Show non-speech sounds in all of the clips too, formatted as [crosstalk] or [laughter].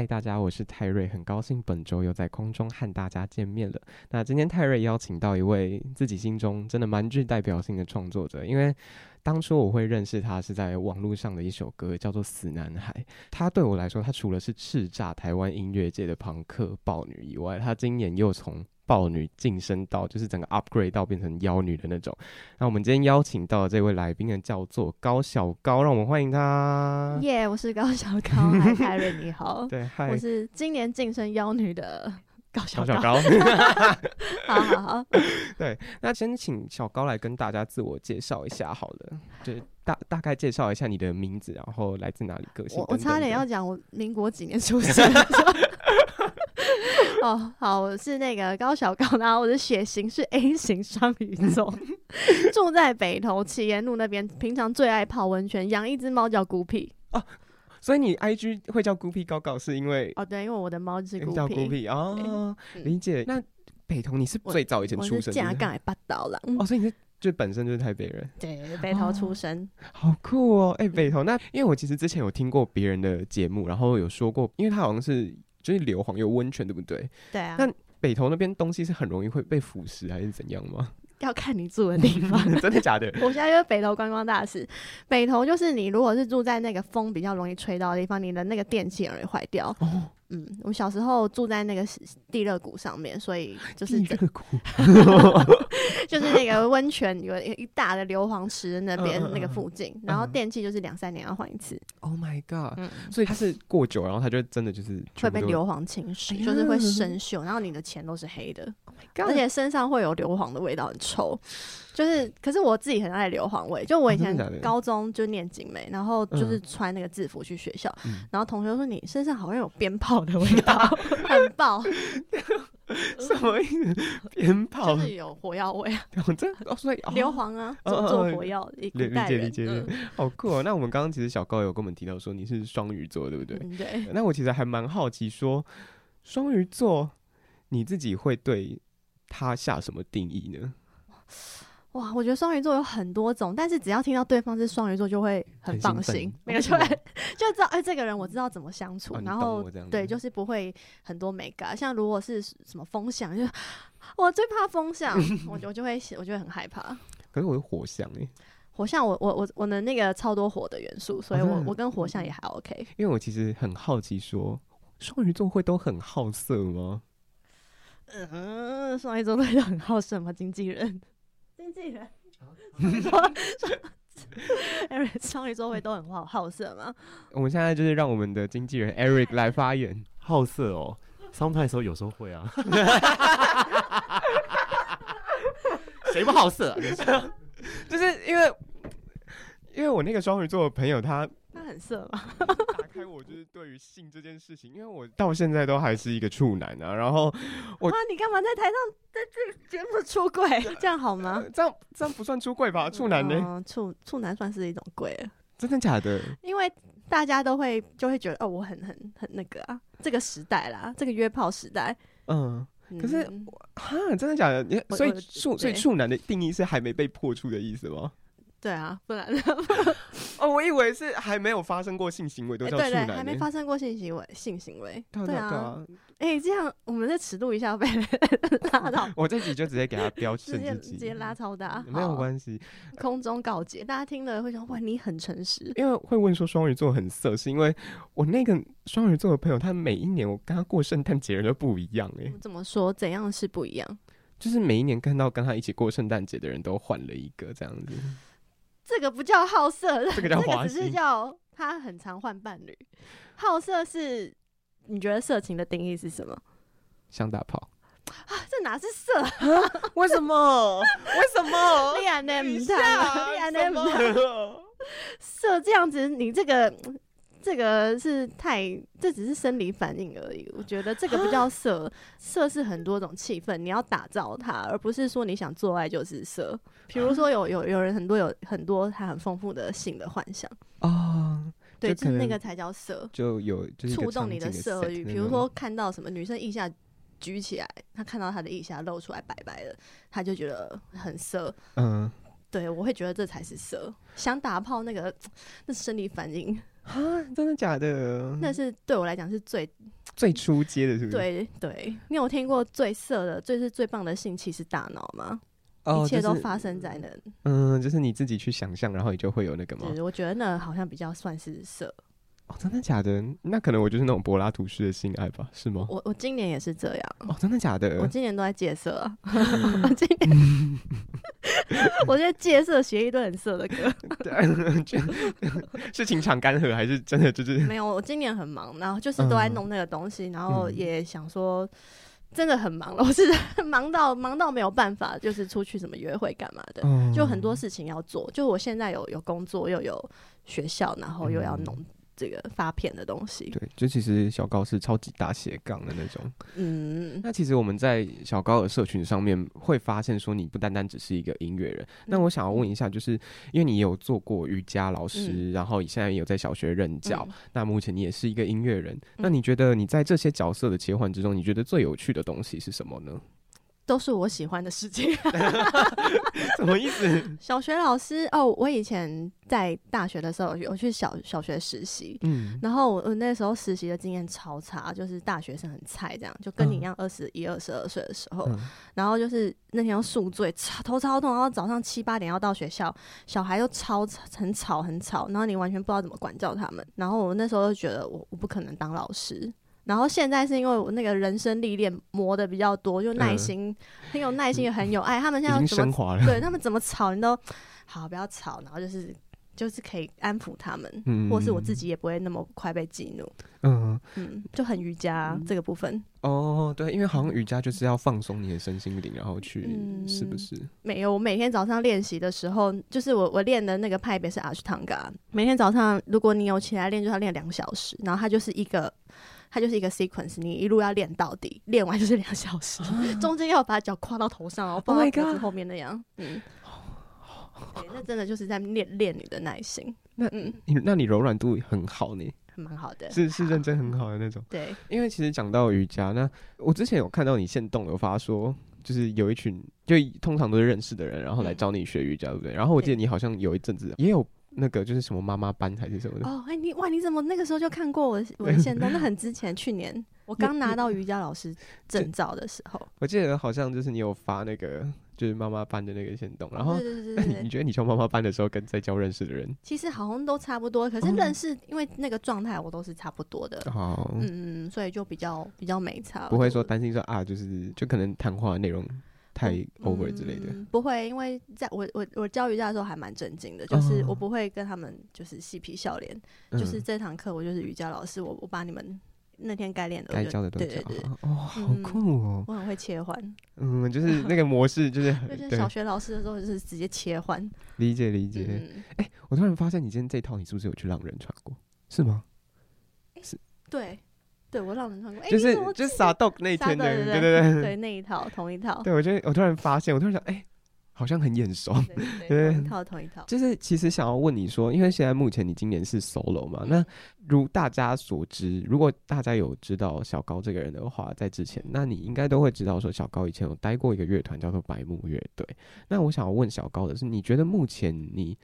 嗨，大家，我是泰瑞，很高興本周又在空中和大家見面了。那今天泰瑞邀請到一位自己心中真的蠻具代表性的創作者，因為當初我會認識他是在網絡上的一首歌，叫做《死男孩》。他對我來說，他除了是叱咤台灣音樂界的龐克暴女以外，他今年又從豹女晉升到就是整個 upgrade 到變成妖女的那種。那我們今天邀請到的這位來賓呢，叫做高小糕，讓我們歡迎他。耶、yeah,，我是高小糕，嗨 [laughs] 泰瑞你好。對，Hi、我是今年晉升妖女的高小糕。高小糕 [laughs] [laughs] 好好好。 [laughs] 對，那先請小高來跟大家自我介紹一下好了，就是大大概介紹一下你的名字，然後來自哪裡，個性等等我。我差點要講我民國幾年出生。 [laughs] [laughs] 哦、 [laughs] oh,，好，我是那個高小糕，然後我的血型是 A 型種，雙魚座，住在北投泉源路那邊，平常最愛泡溫泉，養一隻貓叫菇皮哦。Oh, 所以你 I G 會叫菇皮糕糕，是因為哦，oh, 對，因為我的貓就是叫菇皮哦，理、oh, 解、嗯。那北投你是最早以前出生，我講梗八到了哦，oh, 所以你是就本身就是台北人，對，北投出生，oh, 好酷哦。哎、欸，北投那，因為我其實之前有聽過別人的節目，然後有說過，因為他好像是。所、就、以、是、硫磺有溫泉，對不對？對啊。但北那北投那邊東西是很容易會被腐蝕，還是怎樣嗎？要看你住的地方。 [laughs] 真的假的？ [laughs] 我現在就是北投觀光大使。北投就是你，如果是住在那個風比較容易吹到的地方，你的那個電器容易壞掉。哦。嗯，我小時候住在那個地熱谷上面，所以就是地熱谷， [laughs] 就是那個溫泉有一大的硫磺池在那邊那個附近，uh, uh, uh, uh, uh. 然後電器就是兩三年要換一次。Oh my god！嗯、所以它是過久，然後它就真的就是會被硫磺侵蝕，就是會生鏽，哎，然後你的錢都是黑的，Oh my god，而且身上會有硫磺的味道，很臭。就是，可是我自己很愛硫磺味。就我以前高中就念景美、啊的的，然後就是穿那個制服去學校、嗯，然後同學說，你身上好像有鞭炮的味道，很 [laughs] 韓爆。 [laughs] 什麼意思？鞭炮就是有火藥味。啊。」我在告訴硫磺啊，做做火藥 [laughs] 一個代人。理解理解 [laughs] 好酷啊！那我們剛剛其實小糕有跟我們提到說你是雙魚座，對不對、嗯？對。那我其實還蠻好奇說，說雙魚座你自己會對他下什麼定義呢？哇，我覺得雙魚座有很多種，但是只要聽到對方是雙魚座，就會很放心，沒錯，就知道哎、欸，這個人我知道怎麼相處，啊、然後對，就是不會很多美感。像如果是什麼風象，就我最怕風象， [laughs] 我就我就會我就會很害怕。可是我是火象呢、欸，火象我，我我我我能那個超多火的元素，所以我、啊、我跟火象也還 OK。因為我其實很好奇說，說雙魚座會都很好色嗎？嗯哼，雙魚座都很好色嗎？經紀人。經紀人，你、啊、說，Eric，雙、啊、 [laughs] [laughs] 魚座會都很好好色嗎？我們現在就是讓我們的經紀人 Eric 來發言，好色哦，sometimes 的時候有時候會啊，誰 [laughs] [laughs] [laughs] [laughs] [laughs] 不好色、啊？ [laughs] 就是因為，因為我那個雙魚座的朋友他，他很色嘛。 [laughs] 所以我就是對於性這件事情，因為我到現在都還是一個處男啊。然後我啊，你幹嘛在台上在這個節目出櫃？ [laughs] 這樣好嗎？這樣這樣不算出櫃吧？處、嗯、男呢？處、嗯、處男算是一種櫃？真的假的？因為大家都會就會覺得哦，我很很很那個啊，這個時代啦，這個約炮時代。嗯，可是哈、嗯啊，真的假的？你所以處所以處男的定義是還沒被破處的意思嗎？對啊，不然呢？ [laughs] 哦，我以為是還沒有發生過性行為，都對，欸、對對，還沒發生過性行為，性行為，對啊。哎、啊欸，這樣我們的尺度一下被人拉到。我，我這集就直接給他標直接直接拉超大，沒有關係。空中告解、呃。大家，聽了會想：哇，你很誠實。因為會問說雙魚座很色，是因為我那個雙魚座的朋友，他每一年我跟他過聖誕節的人都不一樣，欸。哎，怎麼說？怎樣是不一樣？就是每一年看到跟他一起過聖誕節的人都換了一個這樣子。這個不叫好色，這個叫，這個只是叫他很常換伴侶。好色是？ [laughs] 你覺得色情的定義是什麼？想打炮？啊，這哪是色？ [laughs] 為什麼？ [laughs] [laughs] 為什麼？臉 [laughs] 呢下、啊？你嚇？臉呢？色這樣子，你這個。這個是太，這只是生理反應而已。我覺得這個不叫色，色是很多種氣氛，你要打造它，而不是說你想做愛就是色。比如說有有有人很多有很多他很豐富的性的幻想哦，對，就就是，那個才叫色，就有、就是，一個觸動你的色慾。比如說看到什麼女生腋下舉起來，她看到她的腋下露出來白白的，她就覺得很色。嗯，對，我會覺得這才是色，想打炮那個那是生理反應。啊，真的假的？那是對我來講是最最初階的，是不是？對對，你有聽過最色的，最是最棒的性器是大腦嗎？Oh, 一切都發生在那。嗯、呃，就是你自己去想象，然後你就會有那個嗎？我覺得那好像比較算是色。哦，真的假的？那可能我就是那種柏拉圖式的性愛吧，是嗎？我我今年也是這樣。哦，真的假的？我今年都在戒色、啊。 [laughs] [laughs] 我今年 [laughs] 我覺得戒色學議都很色的歌。是 [laughs] 對 [laughs] [laughs] [laughs] 情場乾涸，還是真的就是沒有？我今年很忙，然後就是都在弄那個東西，嗯、然後也想說，真的很忙了、嗯，我是忙到忙到沒有辦法，就是出去什麼約會幹嘛的、嗯，就很多事情要做。就我現在有有工作又有，又有學校，然後又要弄。嗯這個發片的東西，對，就其實小高是超級大斜槓的那種。嗯，那其實我們在小高的社群上面會發現，說你不單單只是一個音樂人。那、嗯、我想要問一下，就是因為你有做過瑜伽老師，嗯、然後你現在也有在小學任教，嗯、那目前你也是一個音樂人、嗯。那你覺得你在這些角色的切換之中，你覺得最有趣的東西是什麼呢？都是我喜歡的事情 [laughs] ，什麼意思？小學老師哦，我以前在大學的時候有去小小學實習，嗯，然後我我那時候實習的經驗超差，就是大學生很菜，這樣，就跟你一樣20、嗯，二十一二十二歲的時候、嗯，然後就是那天要宿醉，超頭超痛，然後早上七八點要到學校，小孩又超很吵很吵，然後你完全不知道怎麼管教他們，然後我那時候就覺得我我不可能當老師。然後現在是因為我那個人生歷練磨得比較多，就耐心、呃、很有耐心，也、嗯、很有愛。他們現在要怎麼對他們怎麼吵，你都好不要吵，然後就是就是可以安撫他們、嗯，或是我自己也不會那麼快被激怒。嗯嗯，就很瑜伽、嗯、這個部分哦，對，因為好像瑜伽就是要放鬆你的身心靈，然後去、嗯、是不是？沒有，我每天早上練習的時候，就是我我練的那個派別是 Ashtanga，每天早上如果你有起來練，就要練兩小時，然後它就是一個。它就是一個 sequence，你一路要練到底，練完就是兩小時。中、啊、間要把腳跨到頭上然後放在脖子後面那樣。Oh、嗯對，那真的就是在練練你的耐心。那嗯，那你柔軟度很好呢，還蠻好的，是是認真很好的那種。對，因為其實講到瑜伽，那我之前有看到你限動有發說，就是有一群就通常都是認識的人，然後來找你學瑜伽，嗯、對不對？然後我記得你好像有一陣子也有。那個就是什麼媽媽班還是什麼的哦，哎、oh, 欸、你哇你怎麼那個時候就看過我，我的限動？ [laughs] 那很之前，去年我剛拿到瑜伽老師證照的時候 [laughs] ，我記得好像就是你有發那個就是媽媽班的那個限動，然後 [laughs] 對對對對對 [laughs] 你覺得你教媽媽班的時候跟在教認識的人，其實好像都差不多，可是認識、oh. 因為那個狀態我都是差不多的，哦，嗯嗯，所以就比較比較沒差，不會說擔心說啊就是就可能談話內容。太 over 之類的、嗯，不會，因為在我我我教瑜伽的時候還蠻正經的、哦，就是我不會跟他們就是嬉皮笑臉、嗯，就是這堂課我就是瑜伽老師，我我把你們那天該練的該教的都教，對對、對哦，好酷哦，嗯、我很會切換，嗯，就是那個模式就， [laughs] 就是小學老師的時候就是直接切換， [laughs] 理解理解，哎、嗯欸，我突然發現你今天這一套你是不是有去浪人穿過，是嗎？是，欸、對。對，我老能穿過。哎、欸，就是就是撒豆那一天的，對對對對，對，對，對，那一套，同一套。對，我就我突然發現，我突然想，哎、欸，好像很眼熟。對，對，對，對對對一套同一套。就是其實想要問你說，因為現在目前你今年是 solo 嘛，那如大家所知，如果大家有知道小高這個人的話，在之前，那你應該都會知道說，小高以前有待過一個樂團叫做白木樂隊。那我想要問小高的是，你覺得目前你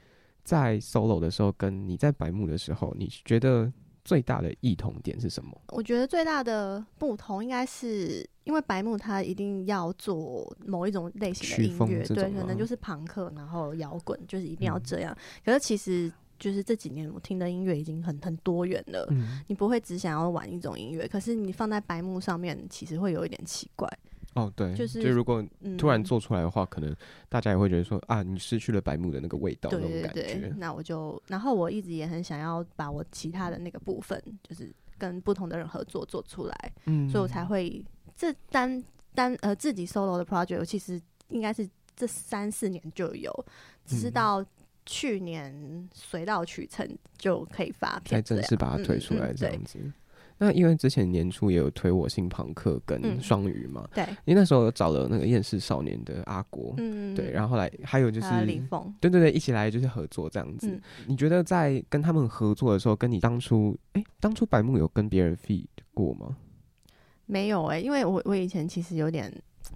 在 solo 的時候，跟你在白木的時候，你覺得？最大的異同點是什麼？我覺得最大的不同，應該是因為白木他一定要做某一種類型的音樂，對，可能就是龐克，然後搖滾，就是一定要這樣。嗯、可是其實，就是這幾年我聽的音樂已經很很多元了、嗯，你不會只想要玩一種音樂。可是你放在白木上面，其實會有一點奇怪。哦，對，就是就如果突然做出來的話，嗯、可能大家也會覺得說啊，你失去了白木的那個味道，對對對，那種感覺，對對對。那我就，然後我一直也很想要把我其他的那個部分，就是跟不同的人合作做出來。嗯，所以我才會這單單呃自己 solo 的 project，我其實應該是這三四年就有，直到去年水到渠成就可以發片，才、嗯、正式把它推出來這樣子。嗯嗯那因為之前年初也有推我新龐克跟雙魚嘛、嗯，對，因為那時候找了那個厭世少年的阿國，嗯，對，然後後來還有就是林峰，對對對，一起來就是合作這樣子、嗯。你覺得在跟他們合作的時候，跟你當初哎、欸，當初白木有跟別人 feat 過嗎？沒有哎、欸，因為我我以前其實有點，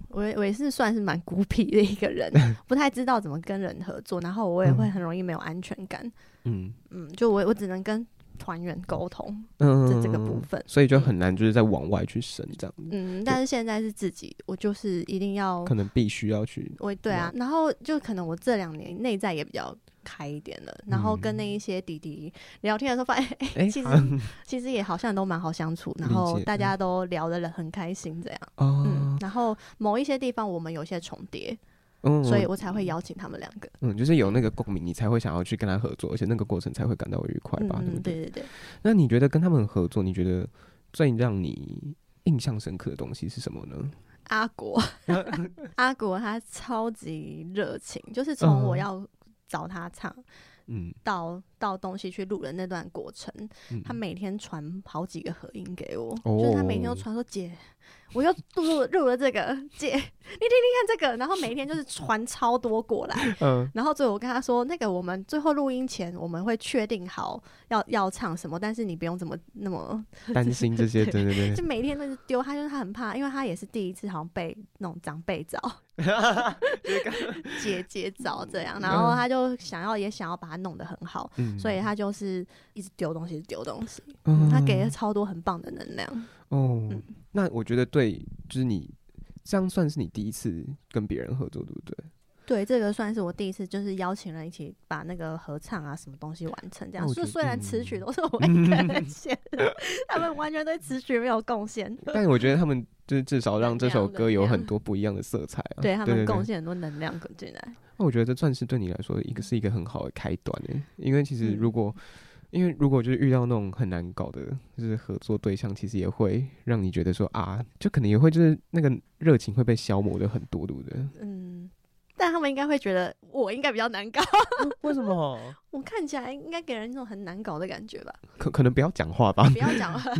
我我也是算是蠻孤僻的一個人， [laughs] 不太知道怎麼跟人合作，然後我也會很容易沒有安全感。嗯嗯，就我我只能跟。團員溝通，嗯，這這個部分，所以就很難，就是再往外去伸這樣子。嗯，但是現在是自己，我就是一定要，可能必須要去。我對啊、嗯，然後就可能我這兩年內在也比較開一點了，然後跟那一些弟弟聊天的時候發現，嗯欸、其實、啊、其實也好像都蠻好相處，然後大家都聊得很開心這樣。嗯，然後某一些地方我們有些重疊。嗯，所以我才會邀請他們兩個。嗯，就是有那個共鳴，你才會想要去跟他合作、嗯，而且那個過程才會感到愉快吧？嗯、對對，對對對。那你覺得跟他們合作，你覺得最讓你印象深刻的東西是什麼呢？阿國，啊、 [laughs] 阿國他超級熱情，就是從我要找他唱，嗯，到到東西去錄的那段過程，嗯、他每天傳好幾個合音給我、哦，就是他每天都傳說姐。我又了入了這個姐，你聽聽看這個，然後每一天就是傳超多過來，嗯，然後最後我跟他說，那個我們最後錄音前我們會確定好要要唱什麼，但是你不用怎麼那麼擔心這些，對對對，就每天都是丟他，就是他很怕，因為他也是第一次好像被那種長輩找。哈哈，姐姐早這樣，然後他就想要也想要把它弄得很好，嗯、所以他就是一直丟東,東西，丟東西。他給了超多很棒的能量、嗯。哦，那我覺得對，就是你這樣算是你第一次跟別人合作，對不對？對，這個算是我第一次，就是邀請人一起把那個合唱啊，什麼東西完成。這樣、啊嗯、雖然詞曲都是我一個人寫的、嗯，他們完全對詞曲沒有貢獻。 [laughs] 但我覺得他們就是至少讓這首歌有很多不一樣的色彩、啊，對，對，對他們貢獻很多能量進來。那我覺得這算是對你來說一個是一個很好的開端誒、欸，因為其實如果、嗯、因為如果就是遇到那種很難搞的就是合作對象，其實也會讓你覺得說啊，就可能也會就是那個熱情會被消磨的很多，對不對？嗯。但他們應該會覺得我應該比較難搞，為什麼？ [laughs] 我看起來應該給人一種很難搞的感覺吧？可可能不要講話吧？不要講話。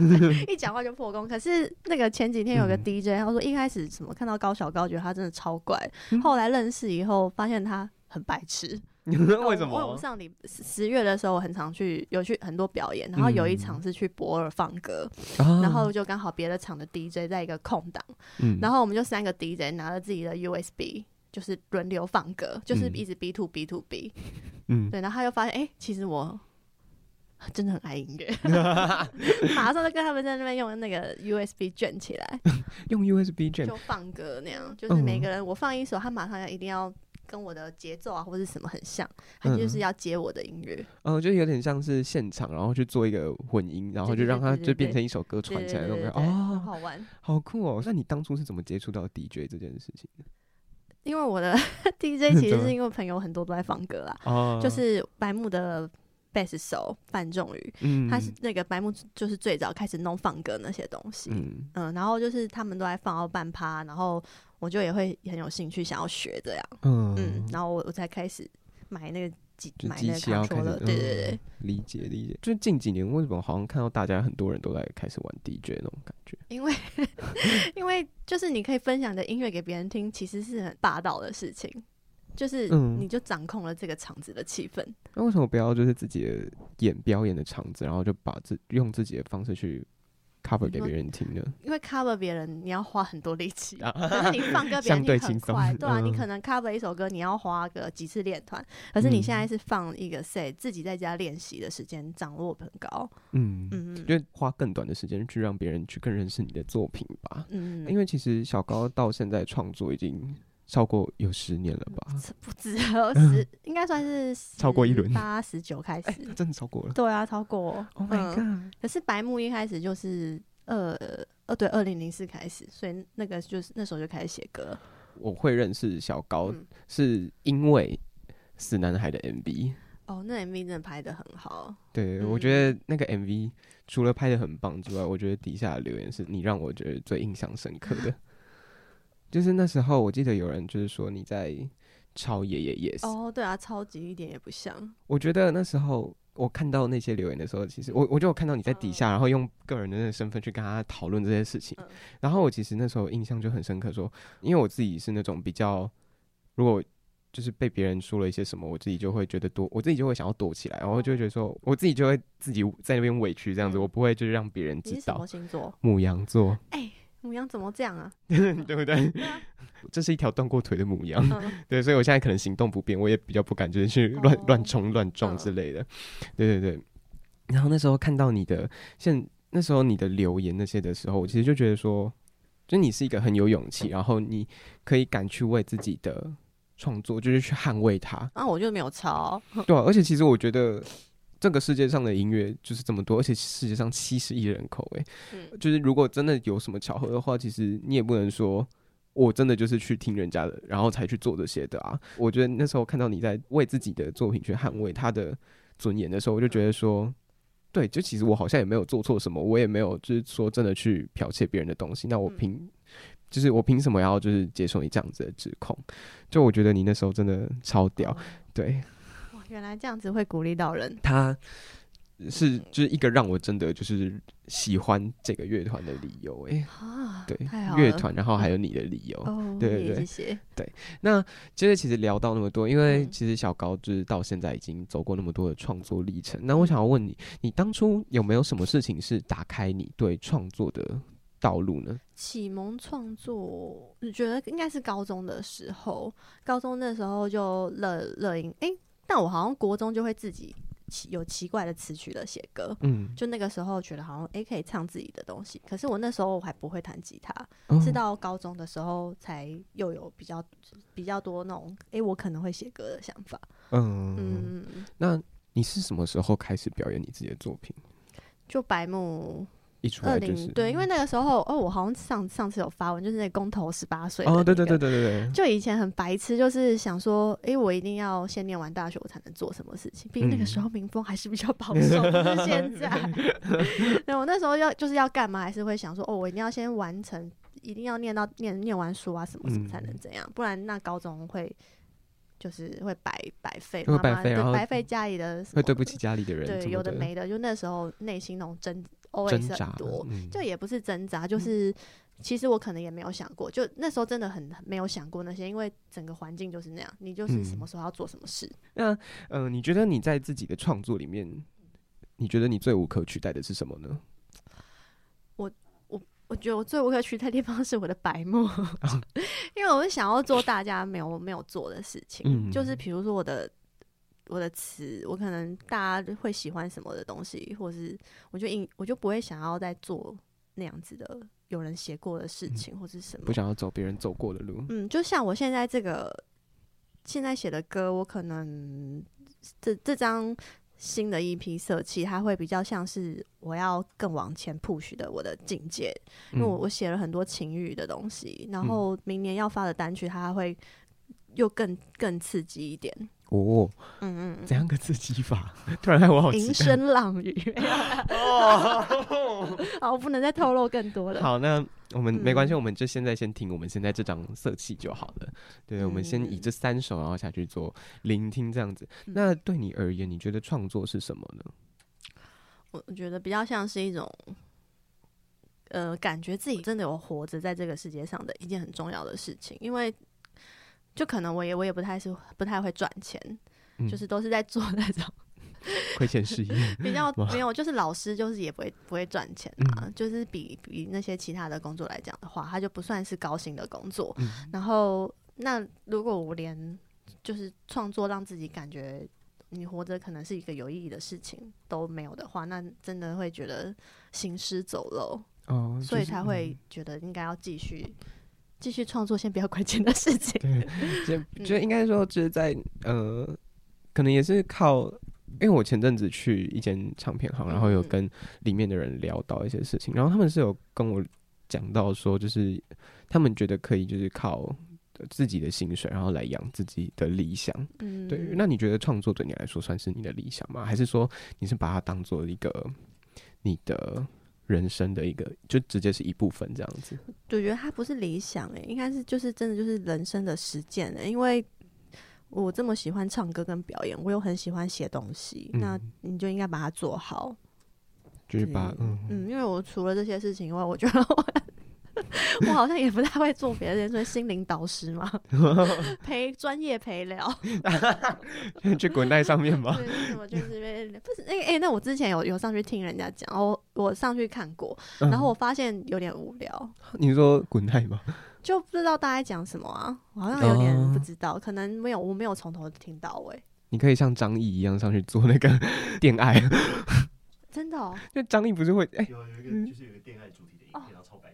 一講話就破功。可是那個前幾天有個 DJ，、嗯、他說一開始什麼看到高小高，覺得他真的超怪、嗯，後來認識以後發現他很白痴、嗯。為什麼？我上禮，十月的時候我很常去，有去很多表演，然後有一場是去博爾放歌、嗯，然後就剛好別的場的 DJ 在一個空檔、啊，然後我們就三個 DJ 拿了自己的 USB。就是輪流放歌，就是一直 B to B to B。嗯，對，然後他又發現，哎、欸，其實我真的很愛音樂， [laughs] [laughs] 馬上就跟他們在那邊用那個 USB 卷起來，用 USB 卷就放歌那樣，就是每個人我放一首，他馬上要一定要跟我的節奏啊或者什麼很像，他、嗯、就是要接我的音樂、嗯。嗯，就有點像是現場，然後去做一個混音，然後就讓他就變成一首歌傳起來那種。哦，對對對對對，哦好玩，好酷哦！那你當初是怎麼接觸到 DJ 這件事情的？因為我的 DJ 其實是因為朋友很多都在放歌啦，嗯、就是白木的貝斯手范仲宇、嗯，他是那個白木就是最早開始弄放歌那些東西，嗯，嗯，然後就是他們都在放到半趴，然後我就也會很有興趣想要學這樣，嗯，嗯，然後我我才開始買那個。就機器要開始，對對對，理解理解。就是近幾年為什麼好像看到大家很多人都在開始玩 DJ 那種感覺？因為 [laughs] 因為就是你可以分享的音樂給別人聽，其實是很霸道的事情，就是你就掌控了這個場子的氣氛。嗯，那為什麼不要就是自己的演表演的場子，然後就把自用自己的方式去？cover、嗯、給別人聽的，因為 cover 別人你要花很多力氣， [laughs] 可是你放歌別人聽 [laughs] 很快，嗯，對啊，你可能 cover 一首歌你要花個幾次練團，嗯，可是你現在是放一個 say 自己在家練習的時間掌握很高，嗯嗯，因為花更短的時間去讓別人去更認識你的作品吧，嗯，啊、因為其實小糕到現在創作已經超過有十年了吧？不止哦，十、嗯、應該算是 18, 超過一輪，八十九開始，欸、真的超過了。對啊，超過。Oh my god！、嗯、可是白木一開始就是二，呃，對，二零零四開始，所以那個就是那時候就開始寫歌。我會認識小高、嗯，是因為死男孩的 MV。哦，那 MV 真的拍得很好。對、嗯，我覺得那個 MV 除了拍得很棒之外，我覺得底下的留言是你讓我覺得最印象深刻的。嗯就是那時候，我記得有人就是說你在抄爺爺也是哦，對啊，超級一點也不像。我覺得那時候我看到那些留言的時候，其實我我就有看到你在底下，oh. 然後用個人的身份去跟他討論這些事情。Uh. 然後我其實那時候印象就很深刻說，說因為我自己是那種比較，如果就是被別人說了一些什麼，我自己就會覺得躲，我自己就會想要躲起來，然後就會覺得說我自己就會自己在那邊委屈這樣子、嗯，我不會就是讓別人知道。你是什麼星座？牡羊座。哎、欸。母羊怎麼這樣啊？對不對，對，對， [laughs] 對、啊？對，這是一條斷過腿的母羊、嗯。對，所以我現在可能行動不便，我也比較不敢就是去、哦、亂亂衝亂撞之類的、嗯。對對對。然後那時候看到你的現那時候你的留言那些的時候，我其實就覺得說，就你是一個很有勇氣，然後你可以敢去為自己的創作就是去捍衛它。啊，我就沒有抄。對、啊，而且其實我覺得。這個世界上的音樂就是這麼多，而且世界上七十億人口，欸，哎、嗯，就是如果真的有什麼巧合的話，其實你也不能說我真的就是去聽人家的，然後才去做這些的啊。我覺得那時候看到你在為自己的作品去捍衛他的尊嚴的時候，我就覺得說，嗯、對，就其實我好像也沒有做錯什麼，我也沒有就是說真的去剽竊別人的東西。那我憑、嗯、就是我憑什麼要就是接受你這樣子的指控？就我覺得你那時候真的超屌，哦、對。原來這樣子會鼓勵到人，他是就是一個讓我真的就是喜歡這個樂團的理由哎、欸啊、對樂團，樂團然後還有你的理由，哦、嗯，oh, 對，對，對 okay, 謝，謝，謝，對，那就是其實聊到那麼多，因為其實小高就是到現在已經走過那麼多的創作歷程、嗯，那我想要問你，你當初有沒有什麼事情是打開你對創作的道路呢？啟蒙創作，我覺得應該是高中的時候，高中那時候就熱、熱音但我好像國中就會自己奇有奇怪的詞曲的寫歌，嗯，就那個時候覺得好像誒、欸、可以唱自己的東西。可是我那時候我還不會彈吉他、哦，是到高中的時候才又有比較比較多那種誒、欸，我可能會寫歌的想法，嗯嗯。那你是什麼時候開始表演你自己的作品？就白目。二零、就是、對，因為那個時候哦，我好像上上次有發文，就是那公投十八歲哦，對對對對對，對就以前很白痴，就是想說，誒、欸，我一定要先念完大學，我才能做什麼事情。畢竟那個時候民風還是比較保守，的，現在。那 [laughs] [laughs] 我那時候要就是要幹嘛，還是會想說，哦，我一定要先完成，一定要念到念念完書啊，什麼什麼才能怎樣、嗯，不然那高中會。就是會白白費，會白費、啊，媽媽對白費家裡的，的，會對不起家裡的人。對，的有的沒的，就那時候內心那種掙扎 OS 很多、嗯，就也不是掙扎，就是其實我可能也沒有想過、嗯，就那時候真的很沒有想過那些，因為整個環境就是那樣，你就是什麼時候要做什麼事。嗯，那嗯、呃，你覺得你在自己的創作裡面，你覺得你最無可取代的是什麼呢？我。我覺得我最無可取代的地方是我的白墨， [laughs] 因為我是想要做大家沒有沒有做的事情，嗯、就是比如說我的我的詞，我可能大家會喜歡什麼的東西，或是我就應，我就不會想要再做那樣子的有人寫過的事情，嗯、或是什麼不想要走別人走過的路。嗯，就像我現在這個現在寫的歌，我可能這這張。新的一批色氣，它會比較像是我要更往前 push 的我的境界，因為我我寫了很多情慾的東西，然後明年要發的單曲，它還會又更更刺激一點。哦，嗯嗯，怎樣個刺激法？ [laughs] 突然害我好期待。淫聲浪語。哦，好，我不能再透露更多了。 [laughs] 好，那我們沒關係，嗯，我們就現在先聽我們現在這張色氣就好了。對，我們先以這三首，然後下去做聆聽這樣子。嗯、那對你而言，你覺得創作是什麼呢？我覺得比較像是一種，呃，感覺自己真的有活着在這個世界上的一件很重要的事情，因為。就可能我也我也不太是不太會賺錢，嗯，就是都是在做那種虧錢事業，比較沒有就是老師就是也不會不會賺錢嘛，啊嗯，就是比比那些其他的工作來講的話，他就不算是高薪的工作。嗯、然後那如果我連就是創作讓自己感覺你活着可能是一個有意義的事情都沒有的話，那真的會覺得行屍走肉，哦就是，所以才會覺得應該要繼續。繼續創作，先不要管錢的事情。對，就就應該說，就是在、嗯、呃，可能也是靠，因為我前陣子去一間唱片行，然後有跟裡面的人聊到一些事情，嗯、然後他們是有跟我講到說，就是他們覺得可以，就是靠自己的薪水，然後來養自己的理想、嗯。對。那你覺得創作對你來說算是你的理想嗎？還是說你是把它當做一個你的？人生的一個，就直接是一部分這樣子。我覺得它不是理想誒、欸，應該是就是真的就是人生的實踐誒、欸。因為我這麼喜歡唱歌跟表演，我又很喜歡寫東西、嗯，那你就應該把它做好。就是把嗯，嗯，嗯，因為我除了這些事情以外，我覺得我。 [laughs] 我好像也不太會做別人的心靈導師嘛， [laughs] 陪專業陪聊， [laughs] [laughs] 去滾台上面吧。就是，什麼，就是不是那哎、欸欸，那我之前有有上去聽人家講，然我，我上去看過，然後我發現有點無聊。嗯、你說滾台嗎？就不知道大家講什麼啊，我好像有點不知道，哦、可能沒有，我沒有從頭聽到尾、欸。你可以像張毅一樣上去做那個戀愛， [laughs] 真的？哦，就張毅不是會哎、欸，有有一個、嗯、就是有。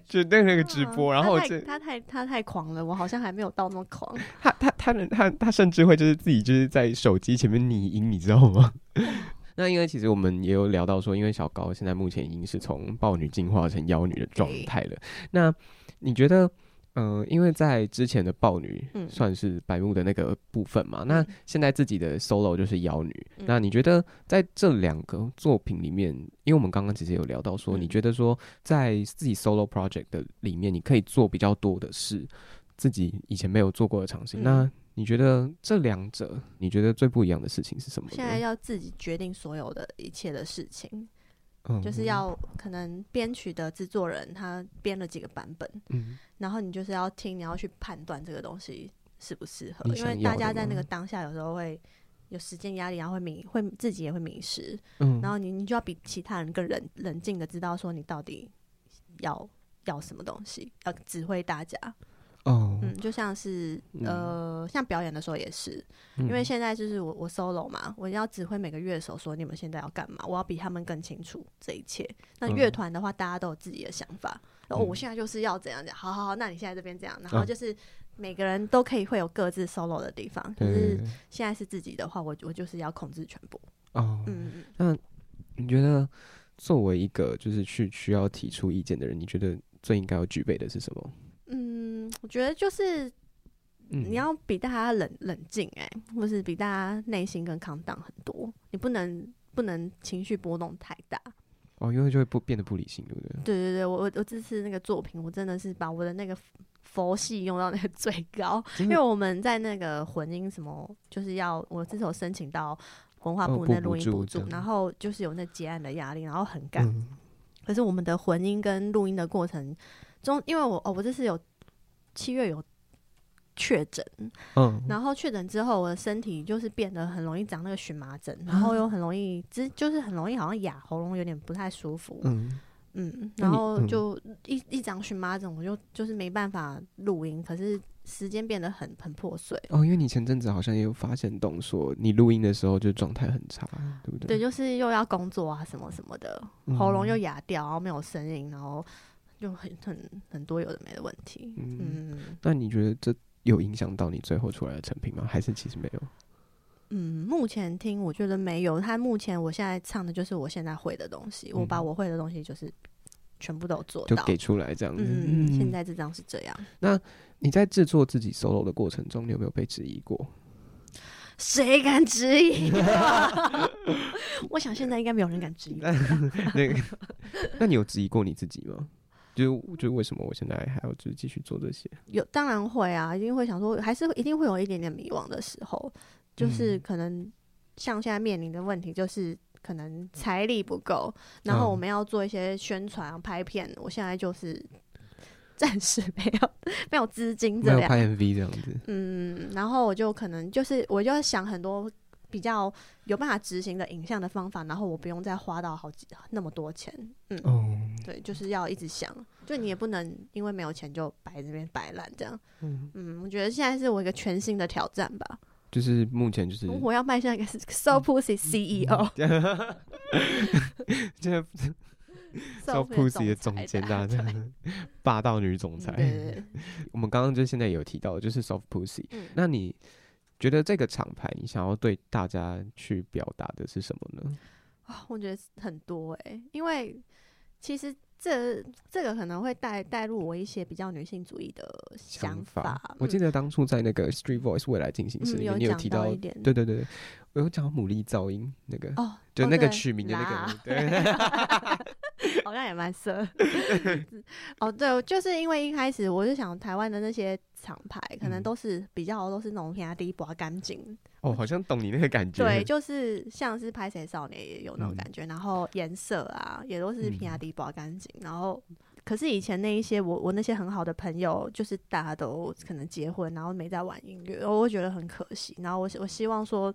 就那個直播，啊、然後我就他太他太，他太狂了，我好像還沒有到那麼狂。他他他能他他甚至會就是自己就是在手機前面擬音，你知道嗎？嗯、 [laughs] 那因為其實我們也有聊到說，因為小高現在目前已經是從暴女進化成妖女的狀態了。那你覺得？嗯、呃，因為在之前的暴女，嗯、算是白目的那個部分嘛、嗯，那現在自己的 solo 就是妖女。嗯、那你覺得在這兩個作品裡面，因為我們剛剛其實有聊到說，嗯，你覺得說在自己 solo project 的裡面，你可以做比較多的事，自己以前沒有做過的場景。嗯、那你覺得這兩者，你覺得最不一樣的事情是什麼呢？現在要自己決定所有的一切的事情。就是要可能編曲的制作人他編了幾個版本，嗯，然後你就是要聽，你要去判斷這個東西適不適合，因為大家在那個當下有時候會有時間壓力，然後會迷，會自己也會迷失，嗯，然後你你就要比其他人更冷冷靜的知道說你到底要要什麼東西，要指揮大家。哦，嗯，就像是呃、嗯，像表演的時候也是，嗯、因為現在就是我我 solo 嘛，我要指揮每個樂手說你們現在要幹嘛，我要比他們更清楚這一切。那樂團的話、嗯，大家都有自己的想法，然後嗯、我現在就是要怎樣講，好好好，那你現在這邊這樣，然後就是每個人都可以會有各自 solo 的地方。可、啊、是現在是自己的話，我我就是要控制全部。哦，嗯嗯，那你覺得作為一個就是去需要提出意見的人，你覺得最應該要具備的是什麼？我覺得就是你要比大家冷、嗯、冷靜哎、欸，或是比大家內心更 c 蕩很多。你不能不能情緒波動太大哦，因為就會不變得不理性，對不對？對對對，我我我這次那個作品，我真的是把我的那個佛系用到那個最高。因為我們在那個混音什麼，就是要我這首申請到文化部、哦、那錄音補助、嗯，然後就是有那結案的壓力，然後很趕、嗯。可是我們的混音跟錄音的過程中，因為我哦，我這是有。七月有確診，嗯，然後確診之後，我的身體就是變得很容易長那個蕁麻疹，啊，然後又很容易，就是很容易好像啞，喉嚨有點不太舒服，嗯，嗯，然後就一一長蕁麻疹，我就就是沒辦法錄音，嗯，可是時間變得很很破碎。哦，因為你前陣子好像也有發現動作，你錄音的時候就狀態很差，對不對？對，就是又要工作啊什麼什麼的，喉嚨又啞掉，然後沒有聲音，然後。就很很很多有的沒的問題，嗯，嗯那你覺得這有影響到你最後出來的成品嗎？還是其實沒有？嗯，目前聽我覺得沒有。他目前我現在唱的就是我現在會的東西，嗯、我把我會的東西就是全部都做到，就給出來這樣子。嗯,嗯,嗯,嗯，現在這張是這樣。那你在制作自己 solo 的過程中，你有沒有被質疑過？誰敢質疑？ [laughs] [laughs] [laughs] 我想現在應該沒有人敢質疑。 [laughs] 那， [laughs] 那你有質疑過你自己嗎？就就為什麼我現在還要就是繼續做這些？有當然會啊，一定會想說，還是一定會有一點點迷惘的時候。就是可能像現在面臨的問題，就是可能財力不夠，嗯。然後我們要做一些宣傳、拍片，嗯。我現在就是暫時沒有沒有資金這樣。沒有拍 MV 這樣子。嗯，然後我就可能就是我就想很多。比較有辦法執行的影像的方法，然後我不用再花到好幾那麼多錢，嗯、哦，對，就是要一直想，就你也不能因為沒有錢就擺在這邊擺爛這樣，嗯嗯，我覺得現在是我一個全新的挑戰吧，就是目前就是我要邁向一個 soft pussy CEO，哈這 soft pussy 的總監，這樣霸道女總裁，對，對，對， [laughs] 我們剛剛就現在有提到，就是 soft pussy、嗯、那你。覺得這個廠牌，你想要對大家去表達的是什麼呢？我覺得很多哎、欸，因為其實這這個可能會帶帶入我一些比較女性主義的想法。想法嗯、我記得當初在那個《Street Voice》未來進行時、嗯，你有提到,、嗯、有講到一點，對對對。我有講牡蠣噪音那個哦，對，那個取、哦、名的那個，哦、對，好像、啊、 [laughs] [laughs] 也蠻色 [laughs] 哦。對，就是因為一開始我就想，台灣的那些廠牌可能都是、嗯、比較都是那種平底刮乾淨。哦，好像懂你那個感覺。對，就是像是拍謝少年也有那種感覺，嗯、然後顏色啊也都是平底刮乾淨。然後、嗯，可是以前那一些我我那些很好的朋友，就是大家都可能結婚，然後沒在玩音樂，我會覺得很可惜。然後我我希望說。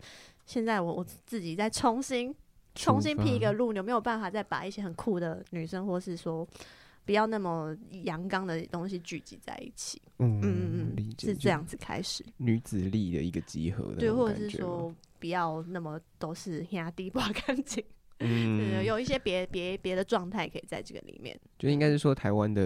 現在我我自己再重新重新闢一個路，你有沒有辦法再把一些很酷的女生，或是說不要那麼陽剛的東西聚集在一起？嗯嗯嗯，是這樣子開始，女子力的一個集合。對，或者是說不要那麼都是兄弟關係。嗯，就是、有一些別別別的狀態可以在這個裡面，就應該是說台灣的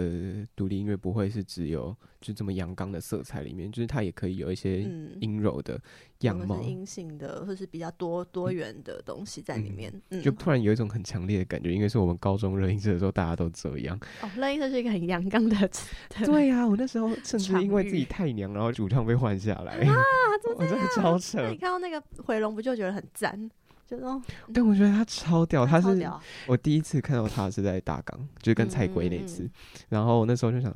獨立音樂不會是只有就這麼陽剛的色彩裡面，就是它也可以有一些陰柔的樣貌，陰、嗯、性的或者是比較多多元的東西在裡面。嗯、就突然有一種很強烈的感覺，因為是我們高中熱音社的時候大家都這樣。哦，熱音社是一個很陽剛的詞。對呀、啊，我那時候甚至因為自己太娘，然後主唱被換下來。啊，真的超扯，你看到那個回龍不就覺得很讚？就但我覺得他超屌，嗯、他是我第一次看到他是在大港，就是跟蔡閨那一次、嗯，然後那時候就想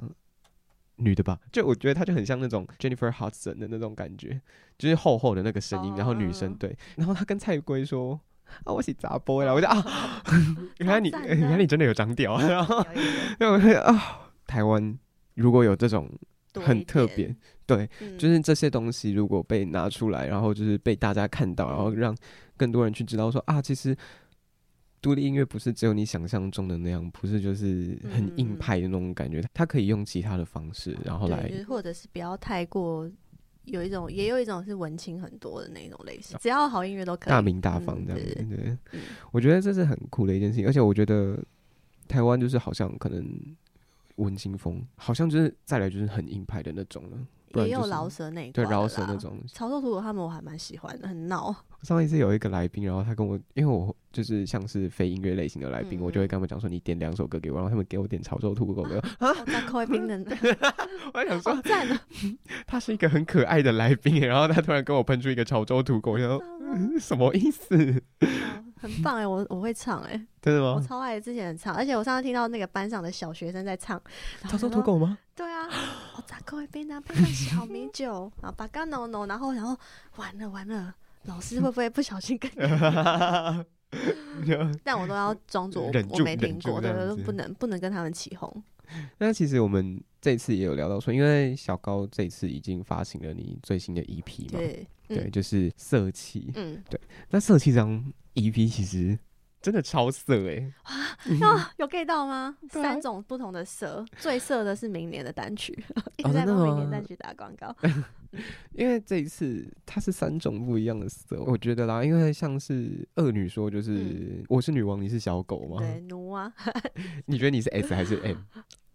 女的吧，就我覺得他就很像那種 Jennifer Hudson 的那種感覺，就是厚厚的那個聲音、嗯，然後女生對，然後他跟蔡閨說、嗯、啊，我洗雜波了、嗯，我就啊，嗯、 [laughs] 原來你、嗯欸、原來你真的有長屌，對、嗯，我說 [laughs] 啊，台灣如果有這種很特別，對、嗯，就是這些東西如果被拿出來，然後就是被大家看到，然後讓。更多人去知道說啊，其實獨立音樂不是只有你想象中的那樣，不是就是很硬派的那種感覺，他、嗯、可以用其他的方式，嗯、然後來，就是、或者是不要太過有一種，也有一種是文青很多的那種類型、嗯，只要好音樂都可以大鳴大放這樣、嗯，對，我覺得這是很酷的一件事情、嗯，而且我覺得台灣就是好像可能文青風，好像就是再來就是很硬派的那種了。就是、也有饒舌那一種對饒舌那種潮州土狗，他們我還蠻喜歡的，很鬧。我上一次有一個來賓，然後他跟我，因為我就是像是非音樂類型的來賓、嗯嗯，我就會跟他們講說：“你點兩首歌給我。”然後他們給我點潮州土狗，沒有啊？當開人，啊啊、 [laughs] [laughs] 我還想說讚呢。好啊、 [laughs] 他是一個很可愛的來賓、欸，然後他突然跟我噴出一個潮州土狗，我想說：“嗯、 [laughs] 什麼意思？” [laughs] 啊、很棒哎、欸，我我會唱哎、欸， [laughs] 真的嗎？我超愛之前很唱，而且我上次聽到那個班上的小學生在唱潮州土狗嗎？對啊。我再搞一杯呢，配上、啊啊、小米酒啊，把干糯糯，然後喉喉然後完了完了，老師會不會不小心跟他們？ [laughs] 但我都要裝作我，我沒聽過，對，不能不能跟他們起哄。那其實我們這次也有聊到說，因為小高這次已經發行了你最新的 EP 嘛，對，嗯、對，就是《色氣》。嗯，對。那《色氣》這張 EP 其實。真的超色哎、欸！哇、啊，那有 get 到嗎？ [laughs] 三種不同的色，最色的是明年的單曲，oh, [laughs] 一直在幫明年的單曲打廣告。Oh, no, no [laughs] 因為這一次它是三種不一樣的色， [laughs] 我覺得啦，因為像是惡女說，就是、嗯、我是女王，你是小狗嗎？對，奴啊。 [laughs] 你覺得你是 S 還是 M？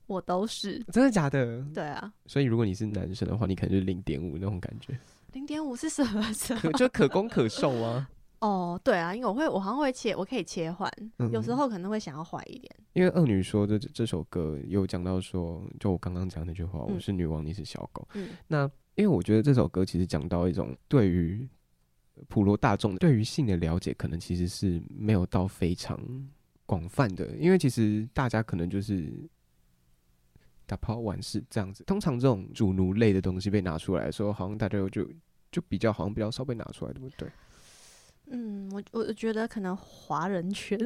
我都是。真的假的？對啊。所以如果你是男生的話，你可能是零點五那種感覺。零點五是什麼色？就可攻可受啊。 [laughs] 哦、oh,，對啊，因為我會，我好像會切，我可以切換，嗯、有時候可能會想要壞一點。因為惡女說，這這首歌有講到說，就我剛剛講那句話，嗯、我是女王，你是小狗。嗯、那因為我覺得這首歌其實講到一種對於普羅大眾對於性的了解，可能其實是沒有到非常廣泛的。因為其實大家可能就是打砲完事這樣子，通常這種主奴類的東西被拿出來的時候，好像大家就就比較好像比較少被拿出來，對不對？嗯，我我覺得可能華人圈，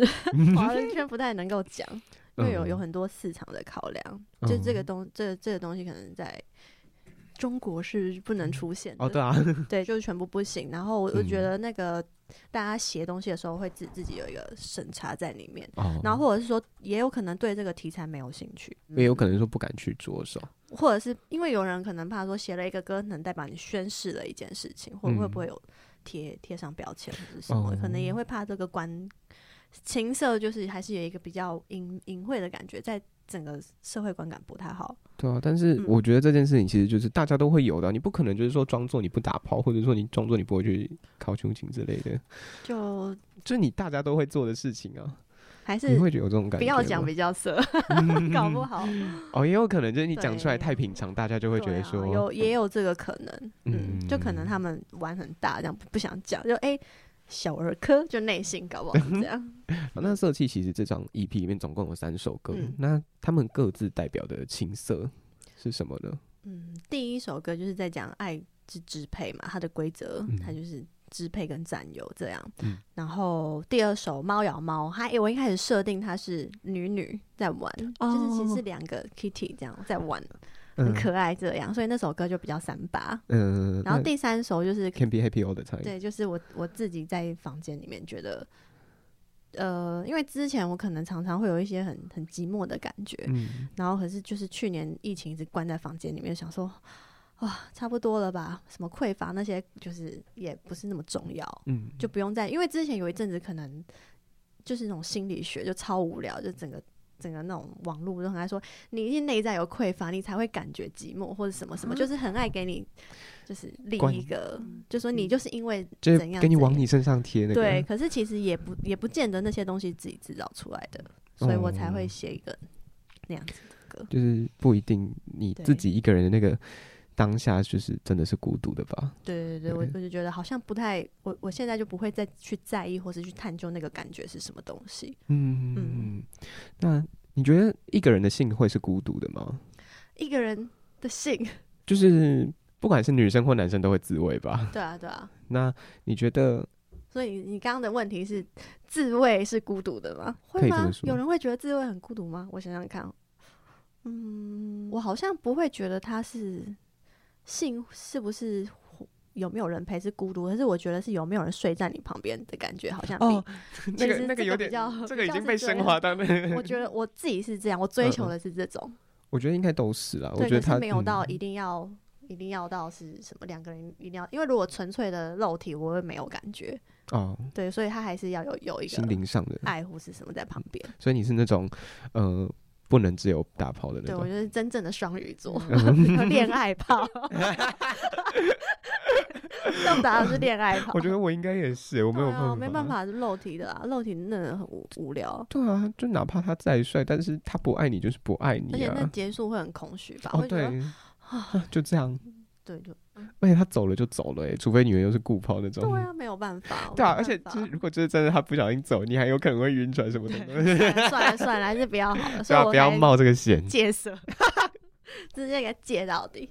華 [laughs] 人圈，不太能夠講， [laughs] 因為有、嗯、有很多市場的考量，嗯、就這個東這個、這個東西可能在中國是不能出現的、嗯哦。對、啊、對就是全部不行。然後我我覺得那個大家寫東西的時候會自、嗯、自己有一個審查在裡面、嗯，然後或者是說也有可能對這個題材沒有興趣，嗯、也有可能說不敢去着手，或者是因為有人可能怕說寫了一個歌能代表你宣示了一件事情，或者會不會有。嗯貼貼上標籤或者什麼、哦，可能也會怕這個觀情色，就是還是有一個比較隱隱晦的感覺，在整個社會觀感不太好。對啊，但是我覺得這件事情其實就是大家都會有的，嗯、你不可能就是說裝作你不打炮，或者說你裝作你不會去考胸情之類的，就就你大家都會做的事情啊。還是你會有這種感覺，不要講比較色，不較色 [laughs] 搞不好、嗯、哦，也有可能就是你講出來太平常，大家就會覺得說、啊、有也有這個可能，嗯，嗯，就可能他們玩很大這樣不，不想講就哎、欸、小兒科，就內心搞不好這樣、 [laughs] 啊。那色氣其實這張 EP 裡面總共有三首歌，嗯、那他們各自代表的情色是什麼呢？嗯，第一首歌就是在講愛之支配嘛，它的規則、嗯，它就是。支配跟占有這樣、嗯，然後第二首《貓咬貓》，它我一開始設定它是女女在玩，哦、就是其實兩個 kitty 這樣在玩、嗯，很可愛這樣，所以那首歌就比較三八。嗯，然後第三首就是 uh, 對，就是我我自己在房間裡面覺得，呃，因為之前我可能常常會有一些很很寂寞的感覺、嗯，然後可是就是去年疫情一直關在房間裡面，想說。哇，差不多了吧？什麼匱乏那些，就是也不是那麼重要。嗯，就不用再因為之前有一陣子，可能就是那種心理學就超無聊，就整個整個那種網絡都很愛說你一定內在有匱乏，你才會感覺寂寞或者什麼什麼，嗯、就是很愛給你就是另一個，就說你就是因為、嗯、怎樣給你往你身上貼、那個。對，可是其實也不也不見得那些東西自己製造出來的，所以我才會寫一個那樣子的歌、嗯，就是不一定你自己一個人的那個。當下就是真的是孤獨的吧？對對對，我我就覺得好像不太，我我現在就不會再去在意或是去探究那個感覺是什麼東西。嗯嗯，那你覺得一個人的性會是孤獨的嗎？一個人的性，就是不管是女生或男生都會自慰吧？ [laughs] 對啊對啊。那你覺得？所以你剛剛的問題是自慰是孤獨的嗎？可以這麼說。會嗎？有人會覺得自慰很孤獨嗎？我想想看，嗯，我好像不會覺得他是。性是不是有沒有人陪是孤獨？可是我覺得是有沒有人睡在你旁邊的感覺，好像比哦，那個，其實這個比較，那個有點，這個已經被升華到那。我覺得我自己是這樣，我追求的是這種。嗯嗯、我覺得應該都是啦，我覺得他、嗯就是、沒有到一定要，一定要到是什麼？兩個人一定要，因為如果純粹的肉體，我會沒有感覺哦。對，所以他還是要有有一個心靈上的愛或是什麼在旁邊？所以你是那種，呃。不能自由打炮的那種。對我覺得真正的雙魚座戀 [laughs] 愛炮，這種打的是戀愛炮我。我覺得我應該也是，我沒有辦法，啊、沒辦法是肉體的啊，肉體真的很無無聊。對啊，就哪怕他再帥，但是他不愛你就是不愛你、啊，而且那結束會很空虛吧？哦、對就這樣。嗯對，對，對，就而且他走了就走了、欸，哎，除非女人又是顧炮那種。對啊，沒有，沒有辦法。對啊，而且就是如果就是真的他不小心走，你還有可能會暈船什麼的。算了算了， [laughs] 還是不要好了，不要、啊、不要冒這個險。戒色 [laughs] 直接給他戒到底。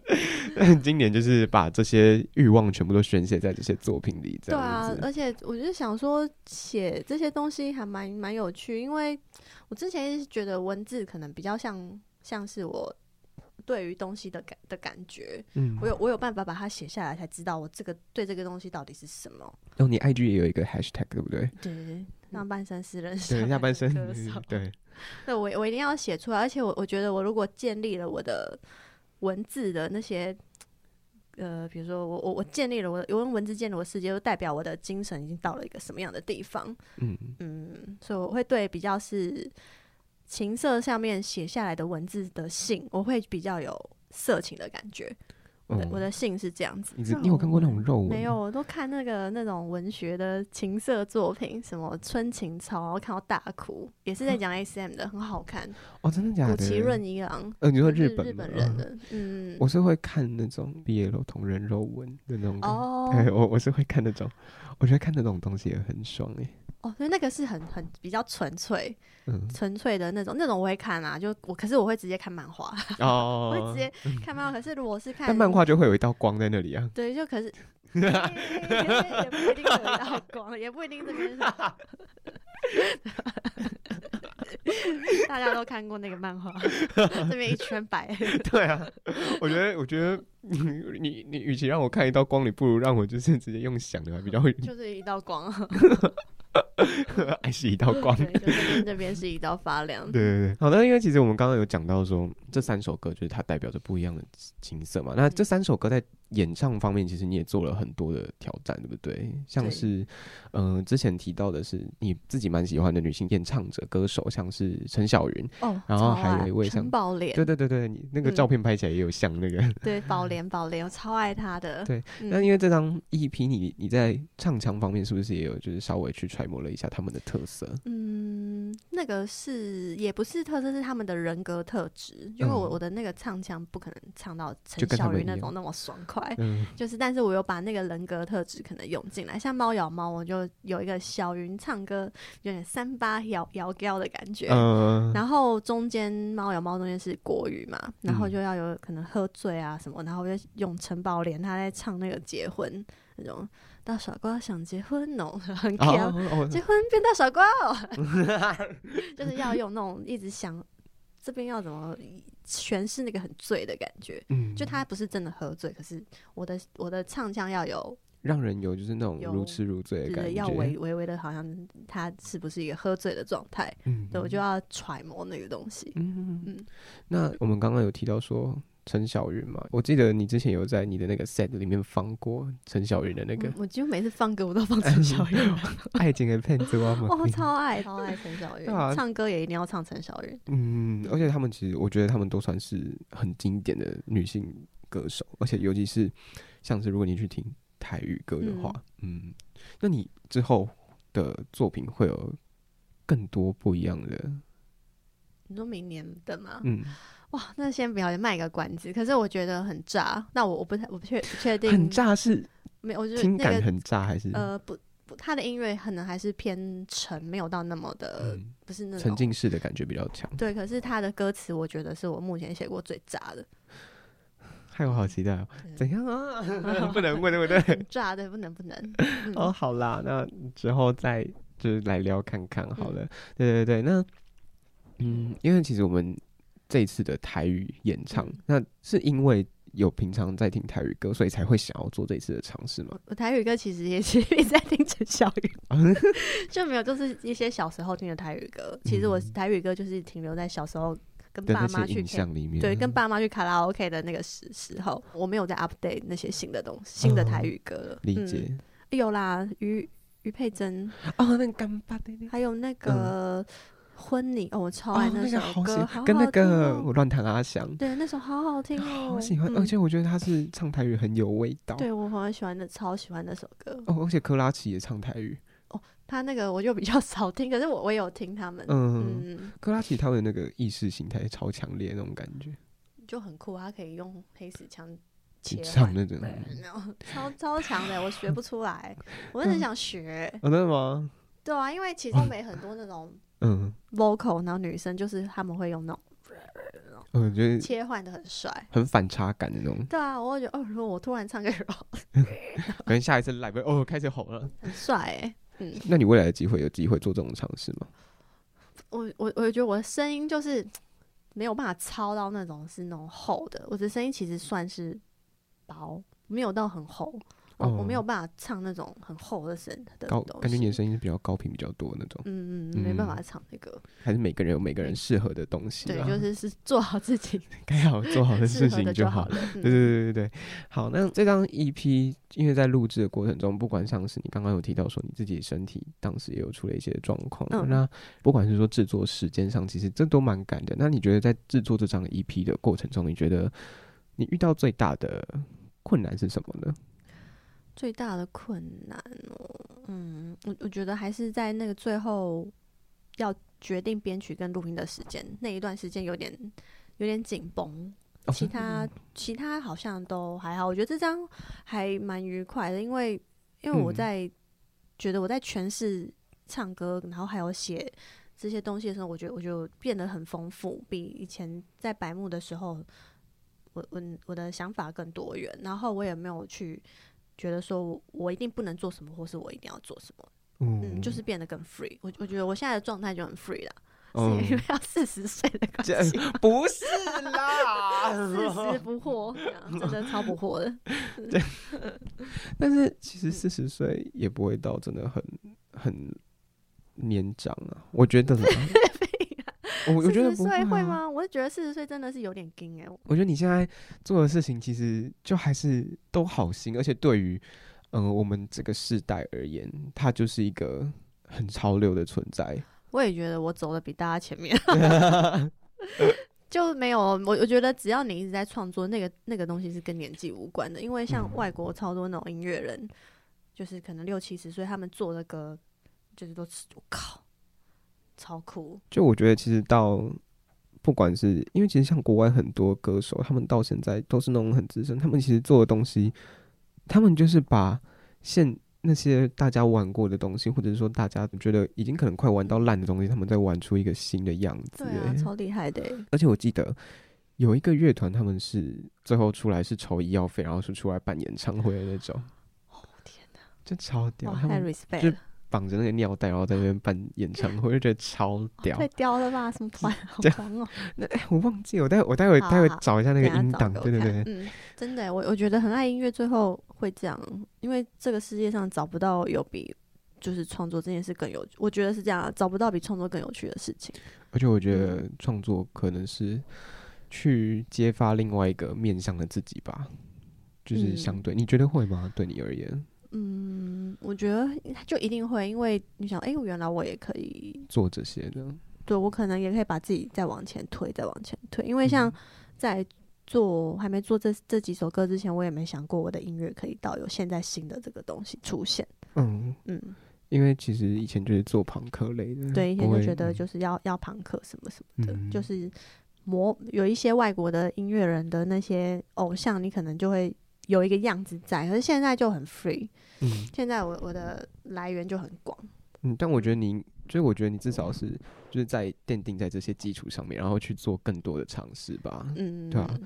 但今年就是把這些慾望全部都宣洩在這些作品裡。對啊，而且我就想說，寫這些東西還蠻蠻有趣，因為我之前一直覺得文字可能比較像像是我。對於東西的感的感覺，嗯，我有我有辦法把它寫下來，才知道我這個對這個東西到底是什麼。然、哦、後你 IG 也有一個 hashtag，對不對？對，上半身詩人，對，下半身，下半身歌手，對、嗯。對，我我一定要寫出來，而且我我覺得我如果建立了我的文字的那些，呃，比如說我我我建立了我我用文字建立我的世界，就代表我的精神已經到了一個什麼樣的地方？嗯嗯嗯，所以我會對比較是。情色上面寫下來的文字的信，我會比較有色情的感覺。的、哦、我的信是這樣子。你你有看過那種肉文、哦？沒有，我都看那個那種文學的情色作品，什麼《春琴抄》。我看到大哭，也是在講 SM 的、哦，很好看。哦，真的假的？谷崎潤一郎。呃，你說日本日,日本人的、哦？嗯，我是會看那種 BL 同人肉文的那種。哦。對、哎，我我是會看那種，我覺得看那種東西也很爽哎。所、oh, 以那個是很很比較純粹、純、嗯、粹的那種，那種我會看啊，就我可是我會直接看漫畫，哦哦哦哦哦 [laughs] 我會直接看漫畫、嗯。可是如果是看漫畫，就會有一道光在那裡啊。對，就可是也不一定有一道光， [laughs] 也不一定這邊。 [laughs] [laughs] 大家都看過那個漫畫， [laughs] 這邊一圈白。 [laughs] 對啊，我覺得，我覺得你你你，與其讓我看一道光，你不如讓我就是直接用想的還比較會，就是一道光。 [laughs] 愛 [laughs] 是一道光 [laughs] 對，這邊是一道發亮。 [laughs] 對對對，好的，那因為其實我們剛剛有講到說，這三首歌就是它代表着不一樣的情色嘛。那這三首歌在演唱方面，其實你也做了很多的挑戰，對不對？像是，嗯、呃，之前提到的是你自己蠻喜歡的女性演唱者歌手，像是陳小雲哦，然後還有一位陳寶蓮，對對對對，那個照片拍起來也有像那個、嗯， [laughs] 對，寶蓮寶蓮，我超愛她的。對，那、嗯、因為這張 EP，你你在唱腔方面是不是也有就是稍微去揣摩？一下他們的特色，嗯，那個是也不是特色，是他們的人格特質、嗯。因為我我的那個唱腔不可能唱到陳小雲那種那麼爽快，就、嗯就是，但是我又把那個人格特質可能用進來，像貓咬貓，我就有一個小雲唱歌有點三八搖搖調的感覺。嗯、然後中間貓咬貓中間是國語嘛，然後就要有可能喝醉啊什麼，然後就用陳寶蓮她在唱那個結婚那種。大傻瓜想結婚哦，很甜，oh, oh, oh, oh, 結婚變大傻瓜哦。 [laughs] [laughs] 就是要用那種一直想這邊要怎麼詮釋那個很醉的感覺。嗯，就他不是真的喝醉，可是我的我的唱腔要有讓人有就是那種如痴如醉的感覺，就是、要微微微的好像他是不是一個喝醉的狀態？嗯，對，我就要揣摩那個東西。嗯嗯。那我們剛剛有提到說。陳小雲嘛，我記得你之前有在你的那個 set 裡面放過陳小雲的那個我。我就每次放歌，我都放陳小雲。愛情的騙子嗎？哇、哦，超愛，超愛陳小雲。對啊，唱歌也一定要唱陳小雲。嗯，而且他們其實，我覺得他們都算是很經典的女性歌手，而且尤其是像是如果你去聽台語歌的話，嗯，嗯，那你之後的作品會有更多不一樣的？你說明年的嗎？嗯。哇，那先不要賣個關子。可是我覺得很炸。那我不我不太我不確不確定。很炸是？沒，我覺得、那個、聽感很炸還是？呃，不不，他的音樂可能還是偏沉，沒有到那麼的、嗯、不是那種沉浸式的感覺比較強。對，可是他的歌詞我覺得是我目前寫過最炸的。害、嗯、我好期待哦！怎樣啊？不能問對不對？炸 [laughs] 的不能不能， [laughs] 炸不能，不能、 [laughs] 嗯。哦，好啦，那之後再就是來聊看看好了。嗯、對，對對對，那嗯，因為其實我們。這次的台語演唱、嗯，那是因為有平常在聽台語歌，所以才會想要做這次的嘗試嗎？台語歌其實也是一直在聽陳小雲，啊、 [laughs] 就沒有就是一些小時候聽的台語歌、嗯。其實我台語歌就是停留在小時候跟爸媽去對，跟爸媽去卡拉 OK 的那個時時候，我沒有在 update 那些新的東西。嗯、新的台語歌理解、嗯、有啦，於於佩甄哦，那干巴還有那個。嗯婚禮哦，我超愛那首歌，哦，那個好好好哦、跟那個我亂彈阿翔，對，那首好好聽哦，好好喜歡、嗯，而且我覺得他是唱台語很有味道。對，我很喜歡的，超喜歡那首歌哦，而且珂拉琪也唱台語哦，他那個我就比較少聽，可是我我也有聽他們，嗯，嗯，珂拉琪他們的那個意識形態超強烈的那種感覺，就很酷，他可以用黑死腔唱那種 [laughs] 超，超超強的，我學不出來，嗯、我是很想學、哦，真的嗎？對啊，因為其實歐美很多那種、哦。嗯，vocal，然後女生就是他們會用那種，哦、切換的很帥，很反差感的那種。對啊，我會覺得哦，如果我突然唱給可能 [laughs] 下一次 live 哦開始吼了，很帥哎、欸。嗯，那你未來的機會有機會做這種嘗試嗎？我我我覺得我的聲音就是沒有辦法超到那種是那種厚的，我的聲音其實算是薄，沒有到很厚。我、哦、我沒有辦法唱那種很厚的聲的高，感覺你的聲音是比較高頻比較多的那種，嗯嗯，沒辦法唱那個。還是每個人有每個人適合的東西，對，就是是做好自己 [laughs] ，該好做好的事情就好了。對、嗯、對對對對，好，那這張 EP 因為在錄製的過程中，不管像是你剛剛有提到說你自己身體當時也有出了一些狀況、嗯，那不管是說製作時間上，其實這都蠻趕的。那你覺得在製作這張 EP 的過程中，你覺得你遇到最大的困難是什麼呢？最大的困難，嗯，我我覺得還是在那個最後要決定編曲跟錄音的時間，那一段時間有點有點緊繃，其他、oh. 其他好像都還好。我覺得這張還蠻愉快的，因為因為我在、嗯、覺得我在詮釋唱歌，然後還有寫這些東西的時候，我覺得我就變得很豐富，比以前在白幕的時候，我我我的想法更多元，然後我也沒有去，覺得說，我一定不能做什麼，或是我一定要做什麼，嗯，嗯，就是變得更 free 我。我我覺得我現在的狀態就很 free 啦、嗯、的，因為要四十歲的感覺，不是啦，四 [laughs] 十不惑獲， [laughs] 真的超不惑的。但是其實四十歲也不會到，真的很很年長啊，我覺得。 [laughs] 我，我覺得四十歲會嗎？我是覺得四十歲真的是有點驚哎、欸。我覺得你現在做的事情其實就還是都好新，而且對於嗯、呃、我們這個世代而言，它就是一個很潮流的存在。我也覺得我走的比大家前面， [laughs] [laughs] [laughs] 就沒有我我覺得只要你一直在創作，那個那個東西是跟年紀無關的。因為像外國超多那種音樂人、嗯，就是可能六七十歲，他們做的歌就是都是我靠。超酷！就我覺得，其實到不管是因為，其實像國外很多歌手，他們到現在都是那種很資深。他們其實做的東西，他們就是把現那些大家玩過的東西，或者是說大家覺得已經可能快玩到爛的東西，他們在玩出一個新的樣子。對啊，超厲害的！而且我記得有一個樂團，他們是最後出來是籌醫藥費，然後是出來辦演唱會的那種。哦天哪、啊，這超屌！respect 了綁着那個尿袋，然後在那邊辦演唱會， [laughs] 我就覺得超屌。太、哦、屌了吧？什麼團？ [laughs] 好煩哦。那、欸、我忘記，我待會我待會好好好待會找一下那個音檔。對對對。嗯，真的，我我覺得很愛音樂，最後會這樣，因為這個世界上找不到有比就是創作這件事更有，我覺得是這樣，找不到比創作更有趣的事情。而且我覺得創作可能是去揭發另外一個面向的自己吧，就是相對，嗯、你覺得會嗎？對你而言？嗯，我覺得就一定會，因為你想，哎、欸，原來我也可以做這些的。對，我可能也可以把自己再往前推，再往前推。因為像在做、嗯、還沒做這這幾首歌之前，我也沒想過我的音樂可以到有現在新的這個東西出現。嗯嗯，因為其實以前就是做龐克類的，對，以前就覺得就是要、嗯、要龐克什麼什麼的，嗯、就是模有一些外國的音樂人的那些偶像，你可能就會。有一個樣子在，可是現在就很 free，嗯、現在我我的來源就很廣。嗯，但我覺得你，所以我覺得你至少是就是在奠定在這些基礎上面，然後去做更多的嘗試吧。嗯對啊，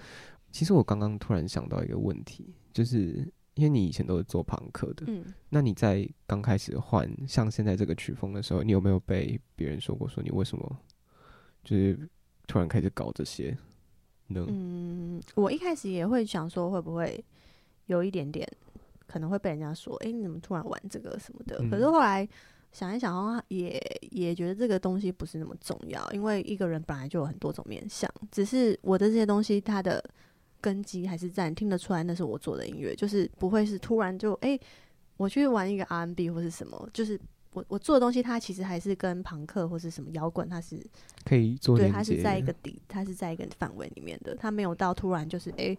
其實我剛剛突然想到一個問題，就是因為你以前都是做龐克的、嗯，那你在剛開始換像現在這個曲風的時候，你有沒有被別人說過說你為什麼就是突然開始搞這些呢？嗯，我一開始也會想說會不會。有一點點可能會被人家說，哎、欸，你怎麼突然玩這個什麼的？嗯、可是後來想一想也，也也覺得這個東西不是那麼重要，因為一個人本來就有很多種面向。只是我的這些東西，它的根基還是在，聽得出來，那是我做的音樂，就是不會是突然就哎、欸、我去玩一個 R&B 或是什麼，就是我我做的東西，它其實還是跟龐克或是什麼搖滾，它是可以做連結，對，它是在一個底，它是在一個範圍裡面的，它沒有到突然就是哎。欸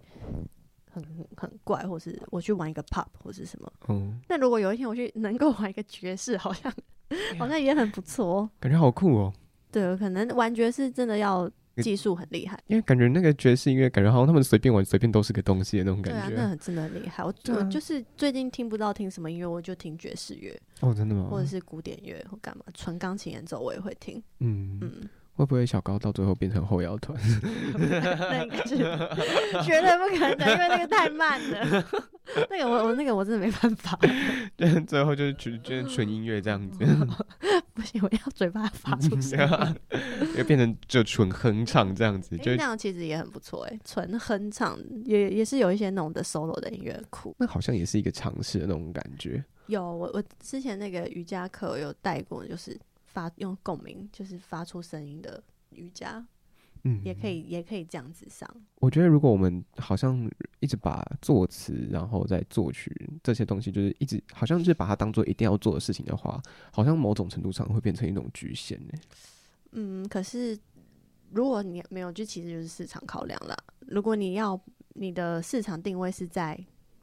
很很怪，或是我去玩一個 pop 或是什麼，oh. 但那如果有一天我去能夠玩一個爵士，好像、yeah. 好像也很不錯哦。感覺好酷哦！對，可能玩爵士真的要技術很厲害，欸，因為感覺那個爵士音樂，感覺好像他們隨便玩隨便都是個東西的那種感覺。對啊，那很真的厲害。我就、啊、我就是最近聽不到聽什麼音樂，我就聽爵士樂哦，oh, 真的嗎？嗯，或者是古典樂或幹嘛，純鋼琴演奏我也會聽，嗯嗯。會不會小高到最後變成後搖團？ [laughs] 那應該是絕對不可能的，因為那個太慢了。 [laughs] 那個我我那個我真的沒辦法。對， [laughs] 最後就是純純純音樂這樣子。 [laughs] 不行，我要嘴巴發出聲，要、 [laughs] 啊、變成就純哼唱這樣子就，欸。那樣其實也很不錯誒，純哼唱也也是有一些那種的 solo 的音樂庫。那好像也是一個嘗試的那種感覺。有我我之前那個瑜伽課我有帶過，就是。發用共鳴就是發出聲音的瑜伽，嗯，也可以也可以這樣子上。我覺得如果我們好像一直把作詞，然後再作曲這些東西，就是一直好像就是把它當做一定要做的事情的話，好像某種程度上會變成一種侷限呢、欸。嗯，可是如果你沒有，就其實就是市場考量了。如果你要你的市場定位是在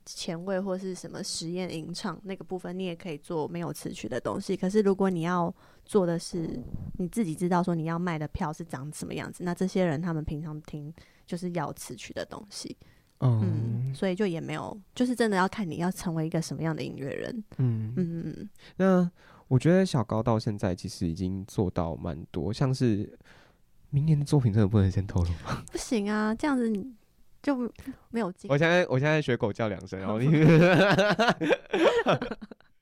前衛或是什麼實驗吟唱那個部分，你也可以做沒有詞曲的東西。可是如果你要做的是你自己知道，說你要賣的票是長什麼樣子。那這些人他們平常聽就是要詞曲的東西，嗯，嗯，所以就也沒有，就是真的要看你要成為一個什麼樣的音樂人，嗯嗯嗯。那我覺得小高到現在其實已經做到蠻多，像是明年的作品真的不能先透露嗎？不行啊，這樣子就沒有。我現在我現在學狗叫兩聲，然後 [laughs] [laughs] [laughs]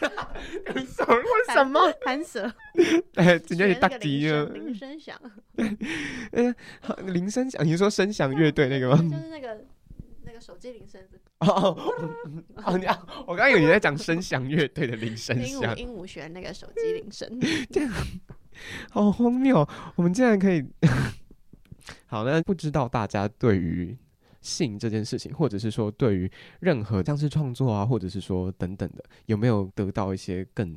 什 [laughs] 麼什麼？哎，人家在打鈴，鈴聲響。鈴聲響，你說聲響樂隊那個嗎？嗯？就是那個那個手機鈴聲。哦，你啊，我剛剛以為你在講聲響樂隊的鈴聲響，鸚 [laughs] 鵡學那個手機鈴聲。 [laughs] [laughs] 這樣好荒謬，我們竟然可以。 [laughs] 好，那不知道大家對於。性這件事情，或者是說對於任何像是創作啊，或者是說等等的，有沒有得到一些更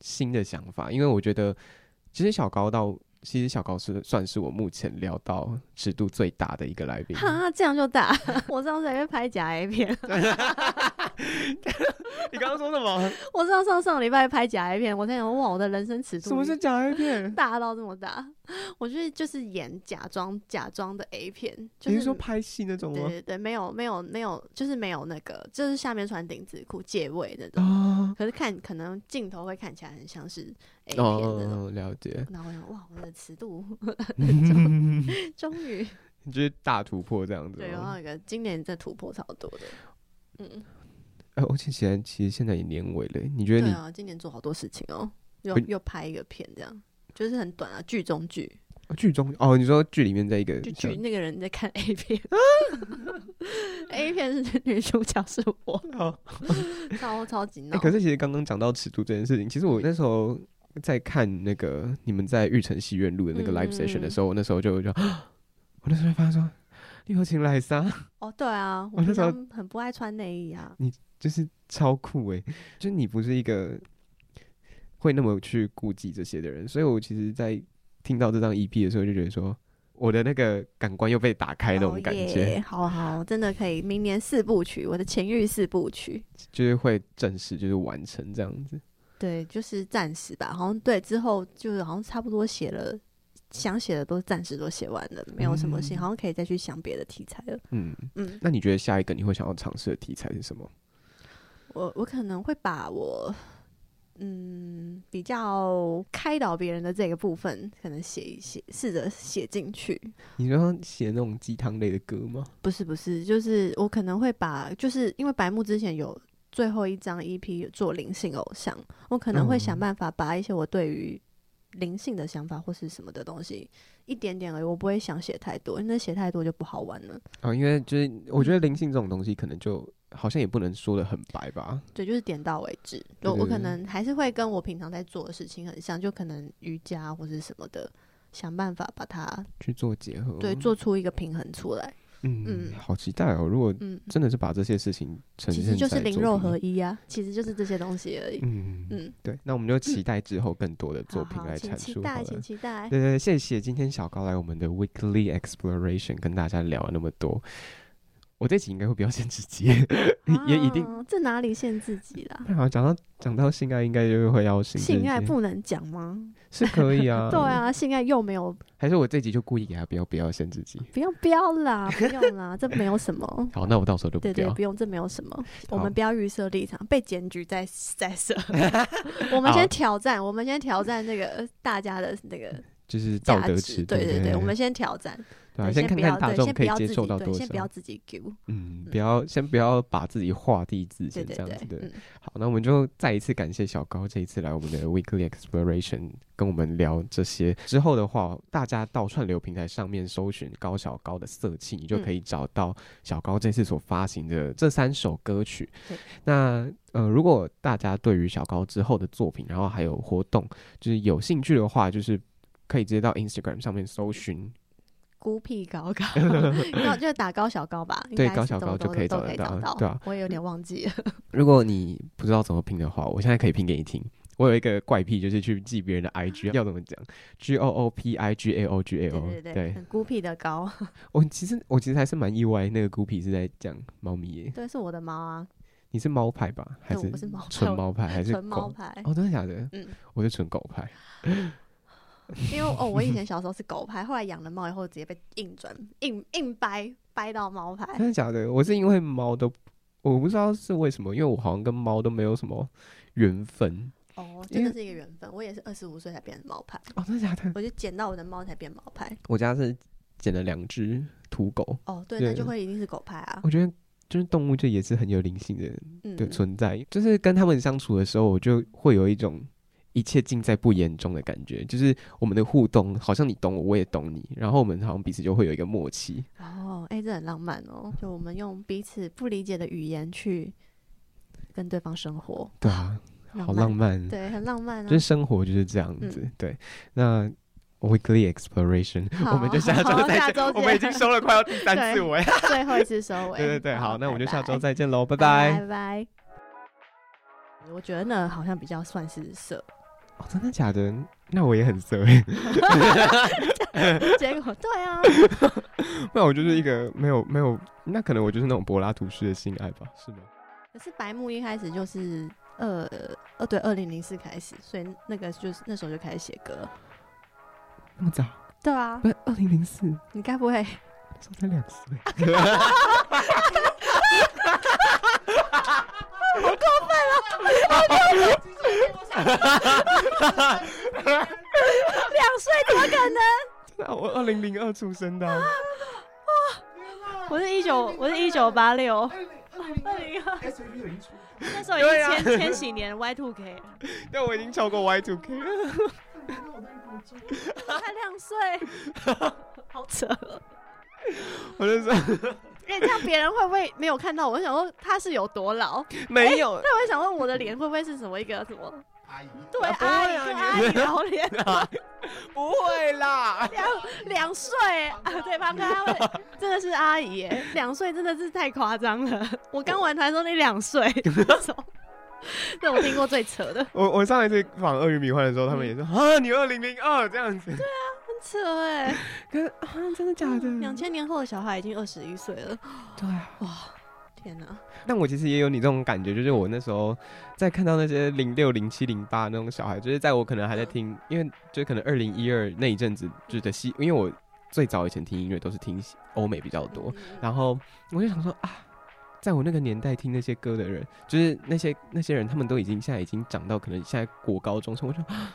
新的想法？因為我覺得，其實小高到其實小高是算是我目前聊到尺度最大的一個來賓。哈、哈，這樣就大！我上次還在拍假 A 片。 [laughs] [laughs] [laughs] 你剛剛說什麼？我知道上上上禮拜拍假 A 片，我在想、想哇，我的人生尺度什麼是假 A 片？大到這麼大。我覺、就、得、是、就是演假裝假裝的 A 片，就是、欸、你說拍戲那種嗎？對對，對沒有沒有沒有，就是沒有那個，就是下面穿丁字褲借位那種。哦、可是看可能鏡頭會看起來很像是 A 片那種。哦、了解。然後我想哇，我的尺度終於， [laughs] 就是 [laughs] 大突破這樣子。對，然後那個今年在突破超多的。嗯。哎、欸，我記得，其實現在也年尾了，你覺得你對、啊、今年做好多事情哦、喔，又又拍一個片這樣。就是很短啊，劇中劇，劇、哦、中哦，你說劇裡面在一個劇，那個人在看 A 片、啊、 [laughs] ，A 片是女主角是我，哦， [laughs] 超超級鬧、欸。可是其實剛剛講到尺度這件事情，其實我那時候在看那個你們在玉成戲院錄的那個 live session 的時候，嗯嗯，我那時候就就，我那時候發現說，你有請來殺。哦對啊，我那時候很不愛穿內衣啊。你就是超酷誒、欸，就你不是一個。會那麼去顧忌這些的人，所以我其實，在聽到這張 EP 的時候，就覺得說，我的那個感官又被打開那種感覺。Oh、yeah, 好好，真的可以，明年四部曲，我的情欲四部曲，就是會正式就是完成這樣子。對，就是暫時吧，好像對，之後就是好像差不多寫了，想寫的都暫時都寫完了，沒有什麼想、嗯，好像可以再去想別的題材了。嗯嗯，那你覺得下一個你會想要嘗試的題材是什麼？我我可能會把我。嗯，比較開導別人的這個部分，可能寫一寫，試着寫進去。你說寫那種雞湯類的歌嗎？不是，不是，就是我可能會把，就是因為白目之前有最後一張 EP 有做靈性偶像，我可能會想辦法把一些我對於靈性的想法或是什麼的東西、嗯、一點點而已，我不會想寫太多，因為寫太多就不好玩了。啊、哦。因為就是我覺得靈性這種東西，可能就、嗯。好像也不能說得很白吧，對，就是點到為止。我我可能還是會跟我平常在做的事情很像，就可能瑜伽或是什麼的，想辦法把它去做結合，對，做出一個平衡出來。嗯嗯，好期待哦、喔！如果真的是把這些事情呈現，嗯，其實就是靈肉合一啊，其實就是這些東西而已。嗯嗯，對，那我們就期待之後更多的作品來闡述。嗯，好好期待，期待，請期待，對，對對，謝謝今天小高來我們的 Weekly Exploration 跟大家聊了那麼多。我這集應該會不要限制級，啊，也一定。這哪裡限制級了？好，啊，講到講到性愛，應該就會要性。性愛不能講嗎？是可以啊。 [laughs] 對啊，性愛又沒有。還是我這集就故意給他不要，不要限制級？啊，不用標啦，不用啦。 [laughs] 這沒有什麼。好，那我到時候就不不對對，對不用，這沒有什麼。我們不要預設立場，被檢舉再再設。 [laughs] [laughs] 我們先挑戰，啊，我們先挑戰那個大家的那個，就是道德值。值對，對對對， [laughs] 我們先挑戰。先看看大眾可以接受到多少。先先，嗯，不要先不要把自己畫地自限這樣子的對對對，嗯。好，那我們就再一次感謝小高這一次來我們的 Weekly Exploration，跟我們聊這些。之後的話，大家到串流平台上面搜尋高小高的色氣，你就可以找到小高這次所發行的這三首歌曲。那呃，如果大家對於小高之後的作品，然後還有活動，就是有興趣的話，就是可以直接到 Instagram 上面搜尋。孤僻高高，那 [laughs] 就打高小高吧。對，高小高就可以找得到。得到啊對啊，我也有點忘記了。如果你不知道怎麼拼的話，我現在可以拼給你聽。我有一個怪癖，就是去記別人的 I G， [laughs] 要怎麼講？G O O P I G A O G A O，對,對,對,對，很孤僻的高。我其實我其實還是蠻意外，那個孤僻是在講貓咪耶。對，是我的貓啊。你是貓派吧？還是不是貓？純貓派還是純貓派？哦，真的假的？嗯，我是純狗派。 [laughs] [laughs] 因為哦，我以前小時候是狗派，後來養了貓以後，直接被硬轉、硬硬掰掰到貓派。真的假的？我是因為貓都，我不知道是為什麼，因為我好像跟貓都沒有什麼緣分。哦，真的是一個緣分。我也是二十五歲才變成貓派。哦，真的假的？我就撿到我的貓才變貓派。我家是撿了兩只土狗。哦，對，對，那就會一定是狗派啊。我覺得就是動物就也是很有靈性的、嗯、存在，就是跟他們相處的時候，我就會有一種。一切盡在不言中的感覺，就是我們的互動，好像你懂我，我也懂你，然後我們好像彼此就會有一個默契。哦，哎、欸，這很浪漫哦！就我們用彼此不理解的語言去跟對方生活。對啊，浪啊好浪漫。對，很浪漫啊！就是生活就是這樣子。嗯、對，那 Weekly Exploration，我們就下周再見。我們已經收了快要第三次尾，最後一次收尾。 [laughs] 對對對，好，拜拜那我們就下周再見嘍，拜拜拜拜。我覺得呢，好像比較算是色。哦、真的假的？那我也很色哈哈 [laughs] 對。 [laughs] 結果對啊。不然 [laughs] 嗯、 [laughs] 我就是一個沒有沒有，那可能我就是那種柏拉圖式的性愛吧，是嗎？可是白木一開始就是呃呃，對，二零零四開始，所以那個就是那時候就開始寫歌。那麼早？對啊，不，二零零四，你該不會才兩歲？ [laughs] [laughs] [laughs] 好過分了、啊哦！兩歲怎麼可能？啊、我二零零二出生的，啊啊，我是一九，我是一九八六，二零二。那時候已經一千、啊、千禧年 Y two K。但我已經超過 Y two K 了。才兩歲，好，啊、 [laughs] 好扯！我就是、啊。別人會不會沒有看到我？我想說他是有多老？沒有。欸、那我想問我的臉會不會是什麼一個什麼阿對、啊啊，阿姨，啊、阿姨，老臉啊，啊，啊，啊，啊！不會啦，兩兩歲啊！對，龐哥，他、啊、問、啊，真的是阿姨、欸？哎兩歲真的是太誇張了。啊、我剛玩團說你兩歲，什 [laughs] 麼？這我聽過最扯的。我我上一次訪鱷魚米花的時候，他們也說、嗯、啊，你二零零二這樣子。對啊。車哎，可是、啊、真的假的？兩、嗯、千年後的小孩已經二十一歲了，對、啊，哇，天吶、啊，但我其實也有你這種感覺，就是我那時候在看到那些零六、零七、零八那種小孩，就是在我可能還在聽， [laughs] 因為就可能二零一二那一陣子就是在西，因為我最早以前聽音樂都是聽歐美比較多， [laughs] 然後我就想說啊，在我那個年代聽那些歌的人，就是那些那些人，他們都已經現在已經長到可能現在國高中生，我說、啊、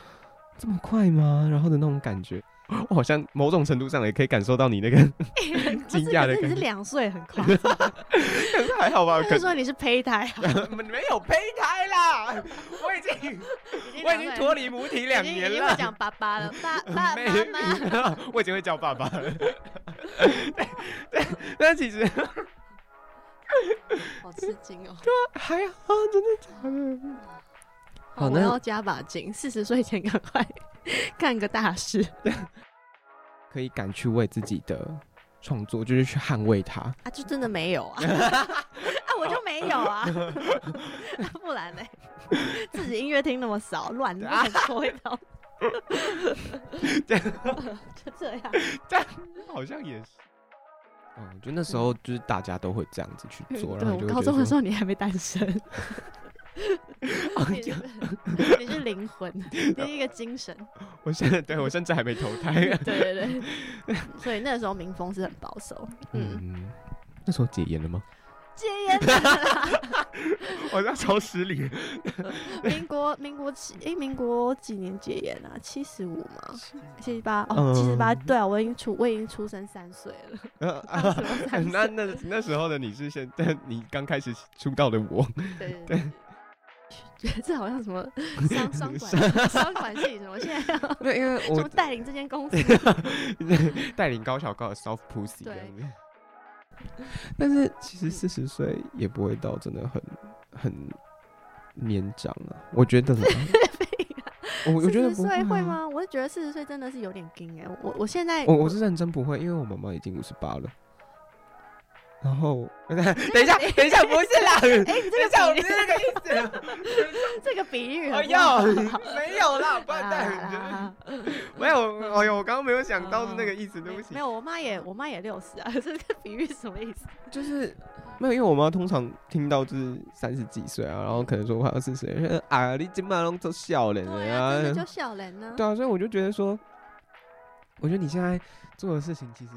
這麼快嗎？然後的那種感覺。我好像某種程度上也可以感受到你那個驚 [laughs] 訝的感覺。可是你是兩歲很快，但 [laughs] 是還好吧？有人說你是胚胎、啊是呃，沒有胚胎啦，我已經，已經我已經脫離母體兩年了。已，經已經會講爸爸了，爸爸爸媽，嗯、媽媽 [laughs] 我已經會叫爸爸了。那其實好吃驚激哦。對 [laughs] 還好，真的好，那要加把勁，四十歲前趕快。幹個大事，可以敢去為自己的創作，就是去捍衛它啊！就真的沒有啊， [laughs] [laughs] 啊，我就沒有啊， [laughs] 啊不然呢？ [laughs] 自己音樂聽那麼少，亂亂扯一道。 [laughs] 這、呃、就這樣，這樣好像也是。嗯，就那時候就是大家都會這樣子去做。對，然後就我高中的時候，你還沒誕生。 [laughs] [laughs] 你是靈 [laughs] 靈魂，第 [laughs] 一個精神。我現在對，我甚至還沒投胎。 [laughs] 對對對，所以那時候民風是很保守。嗯，嗯，那時候解嚴了嗎？解嚴了，在 [laughs] [laughs] 超市裡、 [laughs] 嗯。民國，民國幾？哎、欸，民國幾年解嚴啊？七十五嗎？七十八？78，哦，七十八。對啊，我已經出，我已經出生三歲了。啊啊、那那那時候的你是先？但你剛開始出道的我，對。對 [laughs] 這好像什麼商商管商， [laughs] 管系什麼？ [laughs] 我現在對，因為我帶領這間公司，帶 [laughs] 領高小糕的 soft pussy 但是其實四十歲也不會到，真的很很年長啊！我覺得， [laughs] 我我覺得四十歲會嗎？我是覺得四十歲真的是有點 ging 哎！我我現在我我，我是認真不會，因為我媽媽已經五十八了。然後 [laughs] 等一下、欸，等一下，等一下，欸、不是啦！哎、欸，你這個笑不是這個意思、啊， [laughs] 這個比喻，哎呦，沒有啦，不笨蛋、啊，你覺得啊啊、 [laughs] 沒有，哎呦，我剛剛沒有想到是那個意思，啊、對不起。沒，沒有，我媽也，我媽也六十啊， [laughs] 這個比喻什麼意思？就是沒有，因為我媽通常聽到就是三十幾歲啊，然後可能說快二十歲， [laughs] 啊，你今晚弄成笑臉了呀？叫笑臉呢？對啊，所以我就覺得說，我覺得你現在做的事情其實。